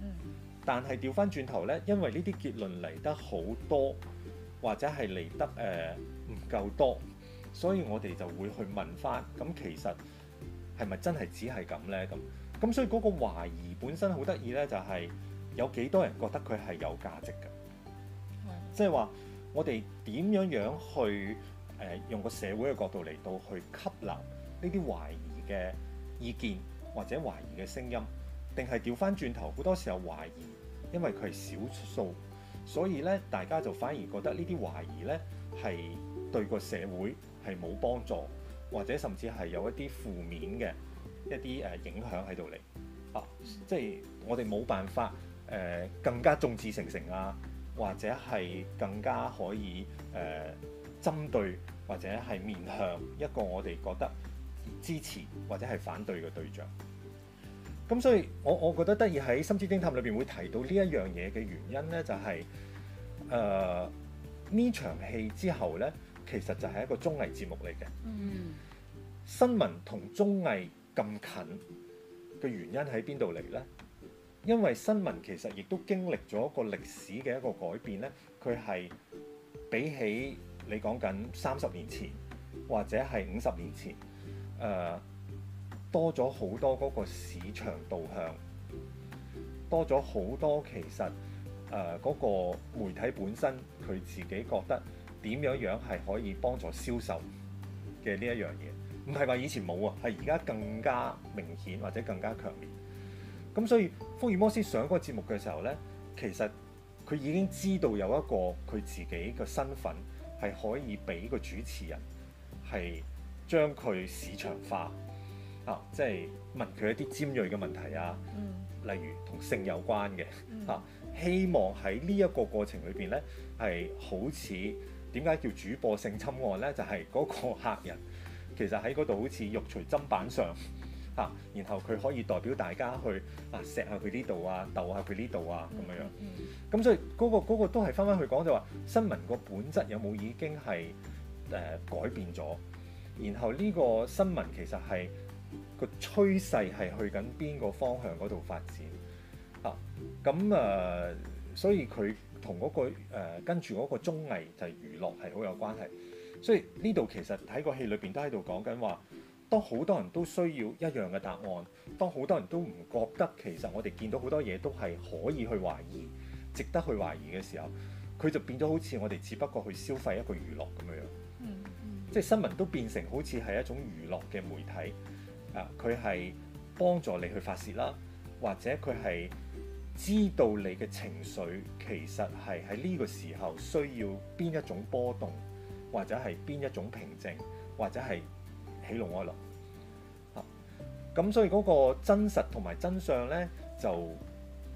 嗯。但係調翻轉頭呢，因為呢啲結論嚟得好多，或者係嚟得誒唔、呃、夠多，所以我哋就會去問翻。「咁其實係咪真係只係咁呢？」咁咁所以嗰個懷疑本身好得意呢，就係、是、有幾多人覺得佢係有價值㗎，即係話。我哋點樣樣去誒、呃、用個社會嘅角度嚟到去吸納呢啲懷疑嘅意見或者懷疑嘅聲音，定係調翻轉頭好多時候懷疑，因為佢係少數，所以咧大家就反而覺得呢啲懷疑咧係對個社會係冇幫助，或者甚至係有一啲負面嘅一啲誒影響喺度嚟啊！即係我哋冇辦法誒、呃、更加眾志成城啊！或者係更加可以誒、呃、針對或者係面向一個我哋覺得支持或者係反對嘅對象。咁所以我，我我覺得得意喺《心之偵探》裏邊會提到呢一樣嘢嘅原因呢，就係誒呢場戲之後呢，其實就係一個綜藝節目嚟嘅。嗯。新聞同綜藝咁近嘅原因喺邊度嚟呢？因為新聞其實亦都經歷咗一個歷史嘅一個改變呢，佢係比起你講緊三十年前或者係五十年前，誒、呃、多咗好多嗰個市場導向，多咗好多其實誒嗰、呃嗰個媒體本身佢自己覺得點樣樣係可以幫助銷售嘅呢一樣嘢，唔係話以前冇啊，係而家更加明顯或者更加強烈。咁所以福爾摩斯上嗰個節目嘅時候呢，其實佢已經知道有一個佢自己嘅身份係可以俾個主持人係將佢市場化啊，即係問佢一啲尖鋭嘅問題啊，例如同性有關嘅啊，希望喺呢一個過程裏邊呢，係好似點解叫主播性侵案呢？就係、是、嗰個客人其實喺嗰度好似肉隨砧板上。啊、然後佢可以代表大家去啊錫下佢呢度啊，逗下佢呢度啊，咁樣、啊、樣。咁、嗯嗯、所以嗰個都係翻翻去講就話、是、新聞個本質有冇已經係誒、呃、改變咗，然後呢個新聞其實係個趨勢係去緊邊個方向嗰度發展啊。咁誒、呃，所以佢同嗰個、呃、跟住嗰個綜藝就係娛樂係好有關係。所以呢度其實喺個戲裏邊都喺度講緊話。當好多人都需要一樣嘅答案，當好多人都唔覺得其實我哋見到好多嘢都係可以去懷疑、值得去懷疑嘅時候，佢就變咗好似我哋只不過去消費一個娛樂咁樣樣，嗯嗯、即係新聞都變成好似係一種娛樂嘅媒體啊，佢係幫助你去發泄啦，或者佢係知道你嘅情緒其實係喺呢個時候需要邊一種波動，或者係邊一種平靜，或者係。喜怒哀樂咁、啊、所以嗰個真實同埋真相咧，就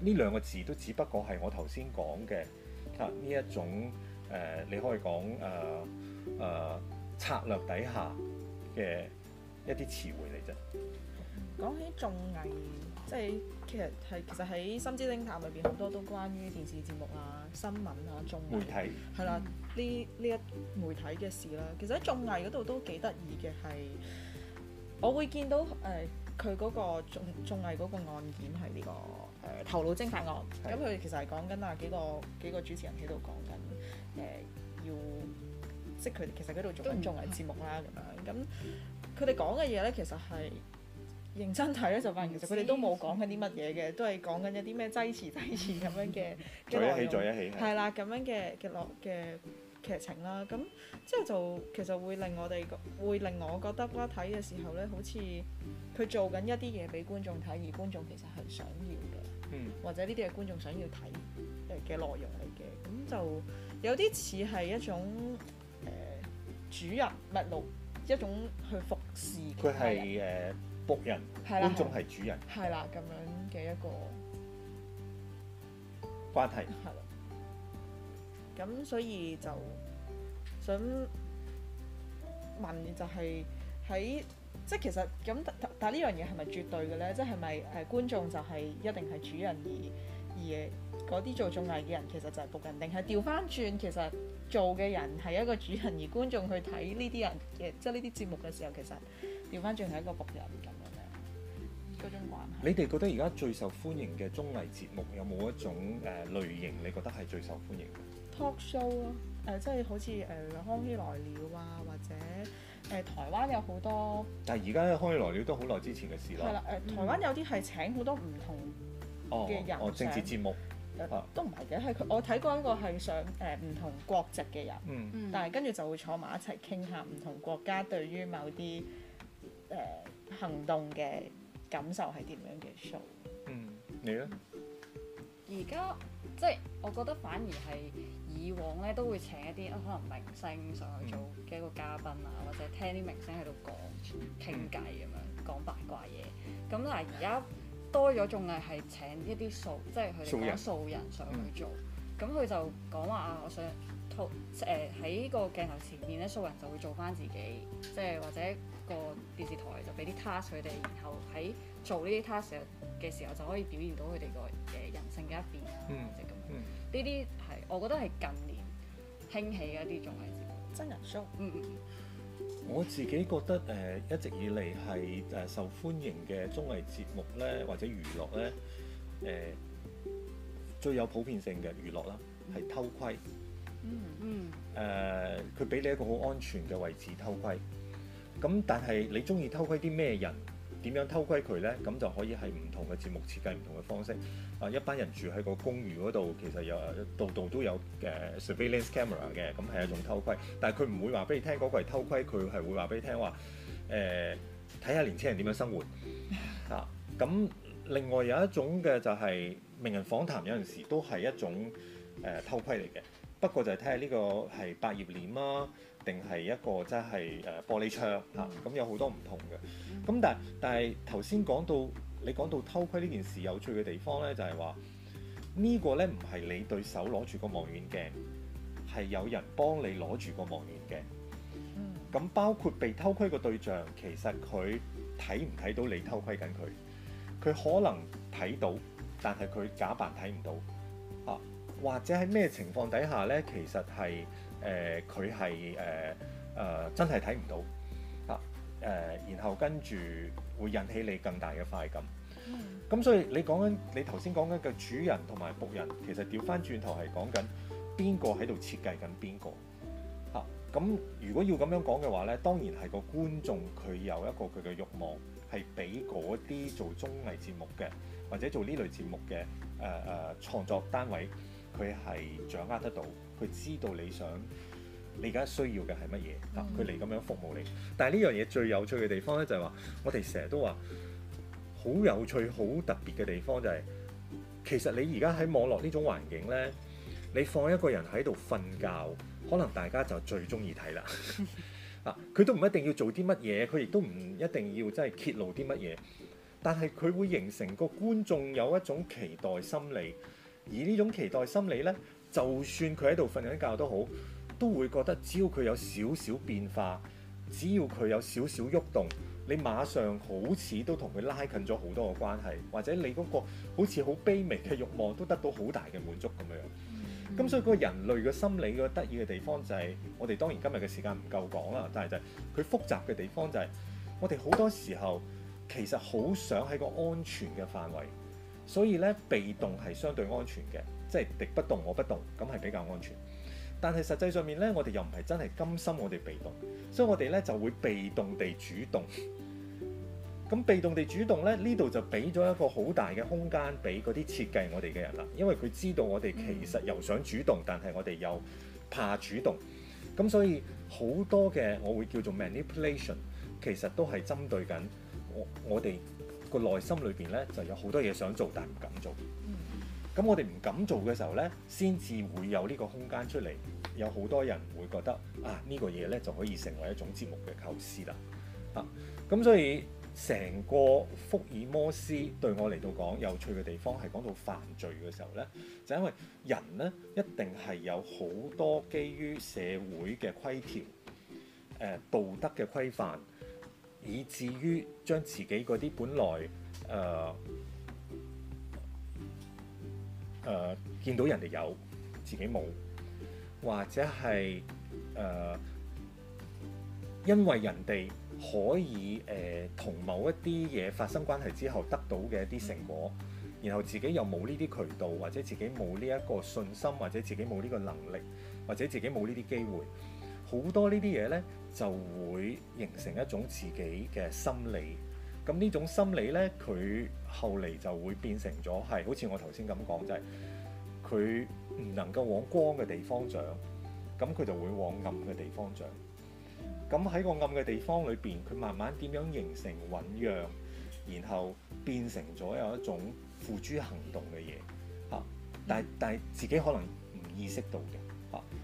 呢兩個字都只不過係我頭先講嘅啊，呢一種誒、呃，你可以講誒誒策略底下嘅一啲詞彙嚟啫。講起綜藝，即係。其實係，其實喺《心之偵探》裏邊好多都關於電視節目啊、新聞啊、綜媒體係啦，呢呢一媒體嘅事啦。其實喺綜藝嗰度都幾得意嘅係，我會見到誒佢嗰個綜綜藝嗰個案件係呢、呢個誒、呃、頭腦偵探案。咁佢哋其實係講緊啊幾個幾個主持人喺度講緊誒要，即係佢哋其實喺度做緊綜藝節目啦咁樣。咁佢哋講嘅嘢咧，其實係。認真睇咧，就發現其實佢哋都冇講緊啲乜嘢嘅，都係講緊一啲咩擠詞擠詞咁樣嘅聚 一係啦，咁樣嘅嘅落嘅劇情啦。咁之後就其實會令我哋會令我覺得啦，睇嘅時候咧，好似佢做緊一啲嘢俾觀眾睇，而觀眾其實係想要嘅，嗯、或者呢啲係觀眾想要睇嘅內容嚟嘅。咁就有啲似係一種誒、呃、主人物路一種去服侍佢係誒。僕人，係，觀眾係主人，係啦，咁樣嘅一個關係。係啦題，咁所以就想問，就是是，就係喺即係其實咁，但係呢樣嘢係咪絕對嘅咧？即係咪誒觀眾就係一定係主人而，而而嗰啲做綜藝嘅人其實就係僕人，定係調返轉？其實做嘅人係一個主人，而觀眾去睇呢啲人嘅，即係呢啲節目嘅時候，其實。調翻轉係一個僕人咁樣樣，嗰種關係。你哋覺得而家最受歡迎嘅綜藝節目有冇一種誒類型？你覺得係最受歡迎嘅 talk show 咯、呃，誒即係好似誒康熙來了啊，或者誒、呃、台灣有好多。但係而家《康熙來了》都好耐之前嘅事啦。係、呃、啦，誒台灣有啲係請好多唔同嘅人。嗯、哦，政治節目。都唔係嘅，係我睇過一個係上誒唔、呃、同國籍嘅人，嗯、但係跟住就會坐埋一齊傾下唔同國家對於某啲。誒、呃、行動嘅感受係點樣嘅 show 嗯，你咧？而家即係我覺得反而係以往咧都會請一啲可能明星上去做嘅一個嘉賓啊，或者聽啲明星喺度講傾偈咁樣講、嗯、八卦嘢。咁嗱而家多咗綜藝係請一啲素，即係佢哋請素人上去做。咁佢人、嗯、就講話啊，我想同誒喺個鏡頭前面咧，素人就會做返自己，即、就、係、是、或者。個電視台就俾啲 task 佢哋，然後喺做呢啲 task 嘅時候就可以表現到佢哋個誒人性嘅一邊啊，或者咁、嗯。呢啲係我覺得係近年興起嘅一啲綜藝節目，真人 show。嗯嗯。我自己覺得誒、呃、一直以嚟係誒受歡迎嘅綜藝節目咧，或者娛樂咧誒、呃、最有普遍性嘅娛樂啦，係、嗯、偷窺。嗯嗯。誒、嗯，佢俾、呃、你一個好安全嘅位置偷窺。咁但係你中意偷窺啲咩人？點樣偷窺佢呢？咁就可以係唔同嘅節目設計唔同嘅方式。啊，一班人住喺個公寓嗰度，其實有度度都有嘅、uh, surveillance camera 嘅，咁係一種偷窺，但係佢唔會話俾你聽嗰、嗰個係偷窺，佢係會話俾你聽話誒，睇下、呃、年青人點樣生活 啊。咁另外有一種嘅就係、係、名人訪談，有陣時都係一種、呃、偷窺嚟嘅。不過就係睇下呢個係百葉簾啊。定係一個真係誒玻璃窗嚇，咁、啊、有好多唔同嘅。咁但係但係頭先講到你講到偷窺呢件事有趣嘅地方咧，就係話呢個咧唔係你對手攞住個望遠鏡，係有人幫你攞住個望遠鏡。咁包括被偷窺嘅對象，其實佢睇唔睇到你偷窺緊佢？佢可能睇到，但係佢假扮睇唔到啊。或者喺咩情況底下咧，其實係？誒佢係誒誒真係睇唔到啊！誒、呃、然後跟住會引起你更大嘅快感。咁、mm hmm. 所以你講緊你頭先講緊嘅主人同埋僕人，其實調翻轉頭係講緊邊個喺度設計緊邊個啊？咁如果要咁樣講嘅話咧，當然係個觀眾佢有一個佢嘅慾望，係俾嗰啲做綜藝節目嘅或者做呢類節目嘅誒誒創作單位佢係掌握得到。佢知道你想，你而家需要嘅係乜嘢？啊，佢嚟咁樣服務你。但係呢樣嘢最有趣嘅地方咧，就係話，我哋成日都話好有趣、好特別嘅地方就係，其實你而家喺網絡呢種環境咧，你放一個人喺度瞓覺，可能大家就最中意睇啦。啊，佢都唔一定要做啲乜嘢，佢亦都唔一定要真係揭露啲乜嘢，但係佢會形成個觀眾有一種期待心理，而呢種期待心理咧。就算佢喺度瞓緊覺都好，都會覺得只要佢有少少變化，只要佢有少少喐動，你馬上好似都同佢拉近咗好多個關係，或者你嗰個好似好卑微嘅欲望都得到好大嘅滿足咁樣。咁所以嗰個人類嘅心理嘅得意嘅地方就係、是，我哋當然今日嘅時間唔夠講啦，但係就係佢複雜嘅地方就係、是，我哋好多時候其實好想喺個安全嘅範圍。所以咧，被動係相對安全嘅，即係敵不動我不動，咁係比較安全。但係實際上面咧，我哋又唔係真係甘心我哋被動，所以我哋咧就會被動地主動。咁被動地主動咧，呢度就俾咗一個好大嘅空間俾嗰啲設計我哋嘅人啦，因為佢知道我哋其實又想主動，但係我哋又怕主動。咁所以好多嘅，我會叫做 manipulation，其實都係針對緊我我哋，個內心裏邊咧，就有好多嘢想做，但唔敢做。咁我哋唔敢做嘅時候呢，先至會有呢個空間出嚟，有好多人會覺得啊，呢個嘢呢，就可以成為一種節目嘅構思啦。啊，咁所以成個福爾摩斯對我嚟到講有趣嘅地方，係講到犯罪嘅時候呢，就是、因為人呢，一定係有好多基於社會嘅規條、呃、道德嘅規範。以至於將自己嗰啲本來誒誒、呃呃、見到人哋有，自己冇，或者係誒、呃，因為人哋可以誒同、呃、某一啲嘢發生關係之後得到嘅一啲成果，然後自己又冇呢啲渠道，或者自己冇呢一個信心，或者自己冇呢個能力，或者自己冇呢啲機會，好多呢啲嘢呢。就會形成一種自己嘅心理，咁呢種心理呢，佢後嚟就會變成咗係，好似我頭先咁講，就係佢唔能夠往光嘅地方長，咁佢就會往暗嘅地方長。咁喺個暗嘅地方裏邊，佢慢慢點樣形成醖釀，然後變成咗有一種付諸行動嘅嘢，嚇、啊！但係但係自己可能唔意識到嘅。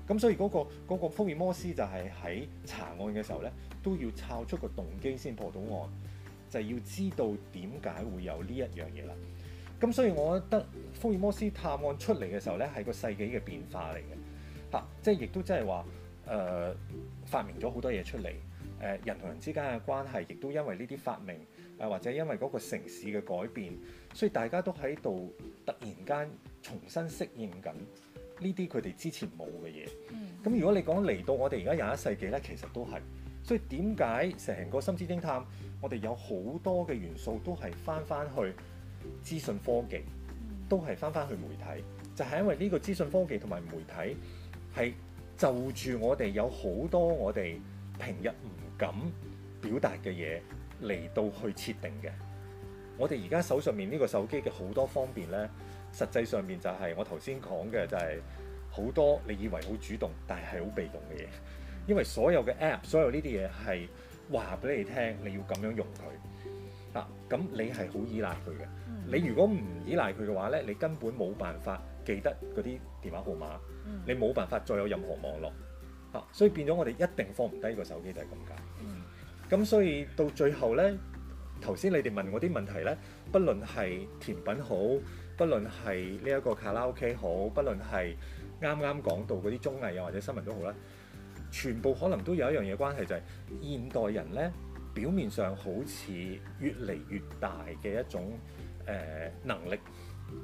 咁、啊、所以嗰、那個那個福爾摩斯就係喺查案嘅時候咧，都要撬出個動機先破到案，就要知道點解會有呢一樣嘢啦。咁、啊、所以我覺得福爾摩斯探案出嚟嘅時候咧，係個世紀嘅變化嚟嘅，嚇、啊，即係亦都即係話誒發明咗好多嘢出嚟，誒、呃、人同人之間嘅關係亦都因為呢啲發明，誒、啊、或者因為嗰個城市嘅改變，所以大家都喺度突然間重新適應緊。呢啲佢哋之前冇嘅嘢，咁、嗯、如果你講嚟到我哋而家廿一世紀咧，其實都係，所以點解成個《心之偵探》我哋有好多嘅元素都係翻翻去資訊科技，都係翻翻去媒體，就係、是、因為呢個資訊科技同埋媒體，係就住我哋有好多我哋平日唔敢表達嘅嘢嚟到去設定嘅。我哋而家手上面呢個手機嘅好多方便咧。實際上面就係我頭先講嘅，就係好多你以為好主動，但係好被動嘅嘢。因為所有嘅 app，所有呢啲嘢係話俾你聽，你要咁樣用佢嗱。咁、啊、你係好依賴佢嘅。嗯、你如果唔依賴佢嘅話咧，你根本冇辦法記得嗰啲電話號碼，嗯、你冇辦法再有任何網絡啊。所以變咗，我哋一定放唔低個手機，就係咁解。咁所以到最後咧，頭先你哋問我啲問題咧，不論係甜品好。不論係呢一個卡拉 OK 好，不論係啱啱講到嗰啲綜藝又或者新聞都好啦，全部可能都有一樣嘢關係，就係、是、現代人呢，表面上好似越嚟越大嘅一種誒、呃、能力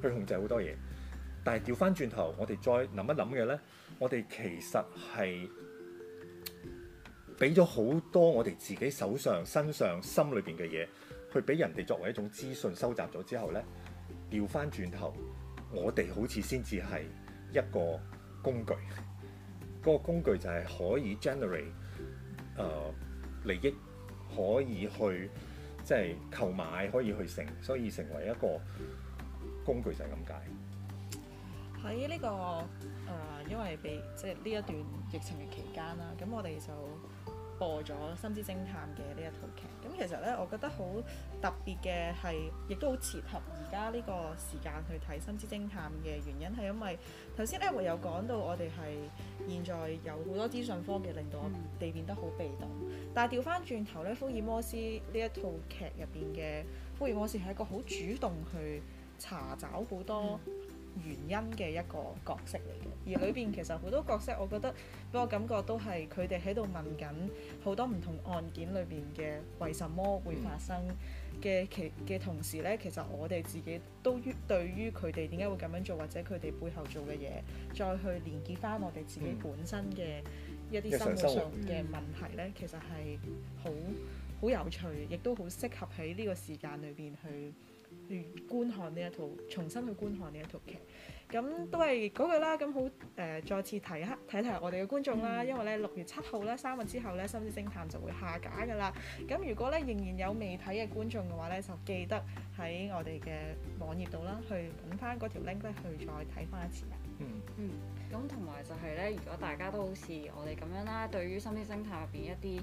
去控制好多嘢，但係掉返轉頭，我哋再諗一諗嘅呢，我哋其實係俾咗好多我哋自己手上、身上、心裏邊嘅嘢，去俾人哋作為一種資訊收集咗之後呢。調翻轉頭，我哋好似先至係一個工具，嗰、那個工具就係可以 generate 誒、呃、利益，可以去即係、就是、購買，可以去成，所以成為一個工具就係咁解。喺呢、這個誒，因為被即係呢一段疫情嘅期間啦，咁我哋就。播咗《心之偵探》嘅呢一套劇，咁其實呢，我覺得好特別嘅係，亦都好切合而家呢個時間去睇《心之偵探》嘅原因係因為頭先呢，我有講到，我哋係現在有好多資訊科技令到我哋變得好被動，但係調翻轉頭呢，《福爾摩斯》呢一套劇入邊嘅《福爾摩斯》係一個好主動去查找好多、嗯。原因嘅一個角色嚟嘅，而裏邊其實好多角色，我覺得俾我感覺都係佢哋喺度問緊好多唔同案件裏邊嘅為什麼會發生嘅、嗯、其嘅同時咧，其實我哋自己都於對於佢哋點解會咁樣做，或者佢哋背後做嘅嘢，再去連結翻我哋自己本身嘅一啲、嗯、生活上嘅問題咧，嗯、其實係好好有趣，亦都好適合喺呢個時間裏邊去。觀看呢一套，重新去觀看呢一套劇，咁都係嗰句啦。咁好誒、呃，再次提一提睇我哋嘅觀眾啦，嗯、因為咧六月七號咧三日之後咧《心之偵探》就會下架㗎喇。咁如果咧仍然有未睇嘅觀眾嘅話咧，就記得喺我哋嘅網頁度啦，去揾翻嗰條 link 咧去再睇翻一次啊。嗯。嗯。咁同埋就係咧，如果大家都好似我哋咁樣啦，對於心思《心之偵探》入邊一啲誒。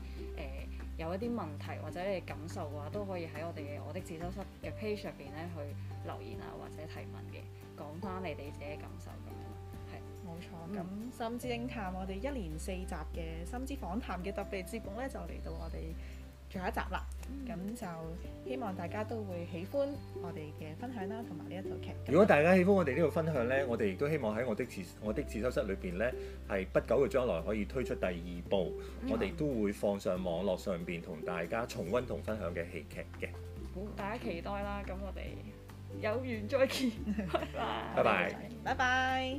有一啲問題或者你嘅感受嘅話，都可以喺我哋嘅我的自修室嘅 page 上邊咧去留言啊，或者提問嘅，講翻你哋自己嘅感受咁樣咯。係冇錯。咁心之偵探，我哋一連四集嘅心之訪談嘅特別節目咧，就嚟到我哋。最後一集啦，咁、嗯、就希望大家都會喜歡我哋嘅分享啦，同埋呢一套劇。如果大家喜歡我哋呢個分享呢、嗯，我哋亦都希望喺我的自我的自修室裏邊呢，係不久嘅將來可以推出第二部，嗯、我哋都會放上網絡上邊同大家重溫同分享嘅戲劇嘅。好，大家期待啦！咁我哋有緣再見，拜拜，拜拜，拜拜。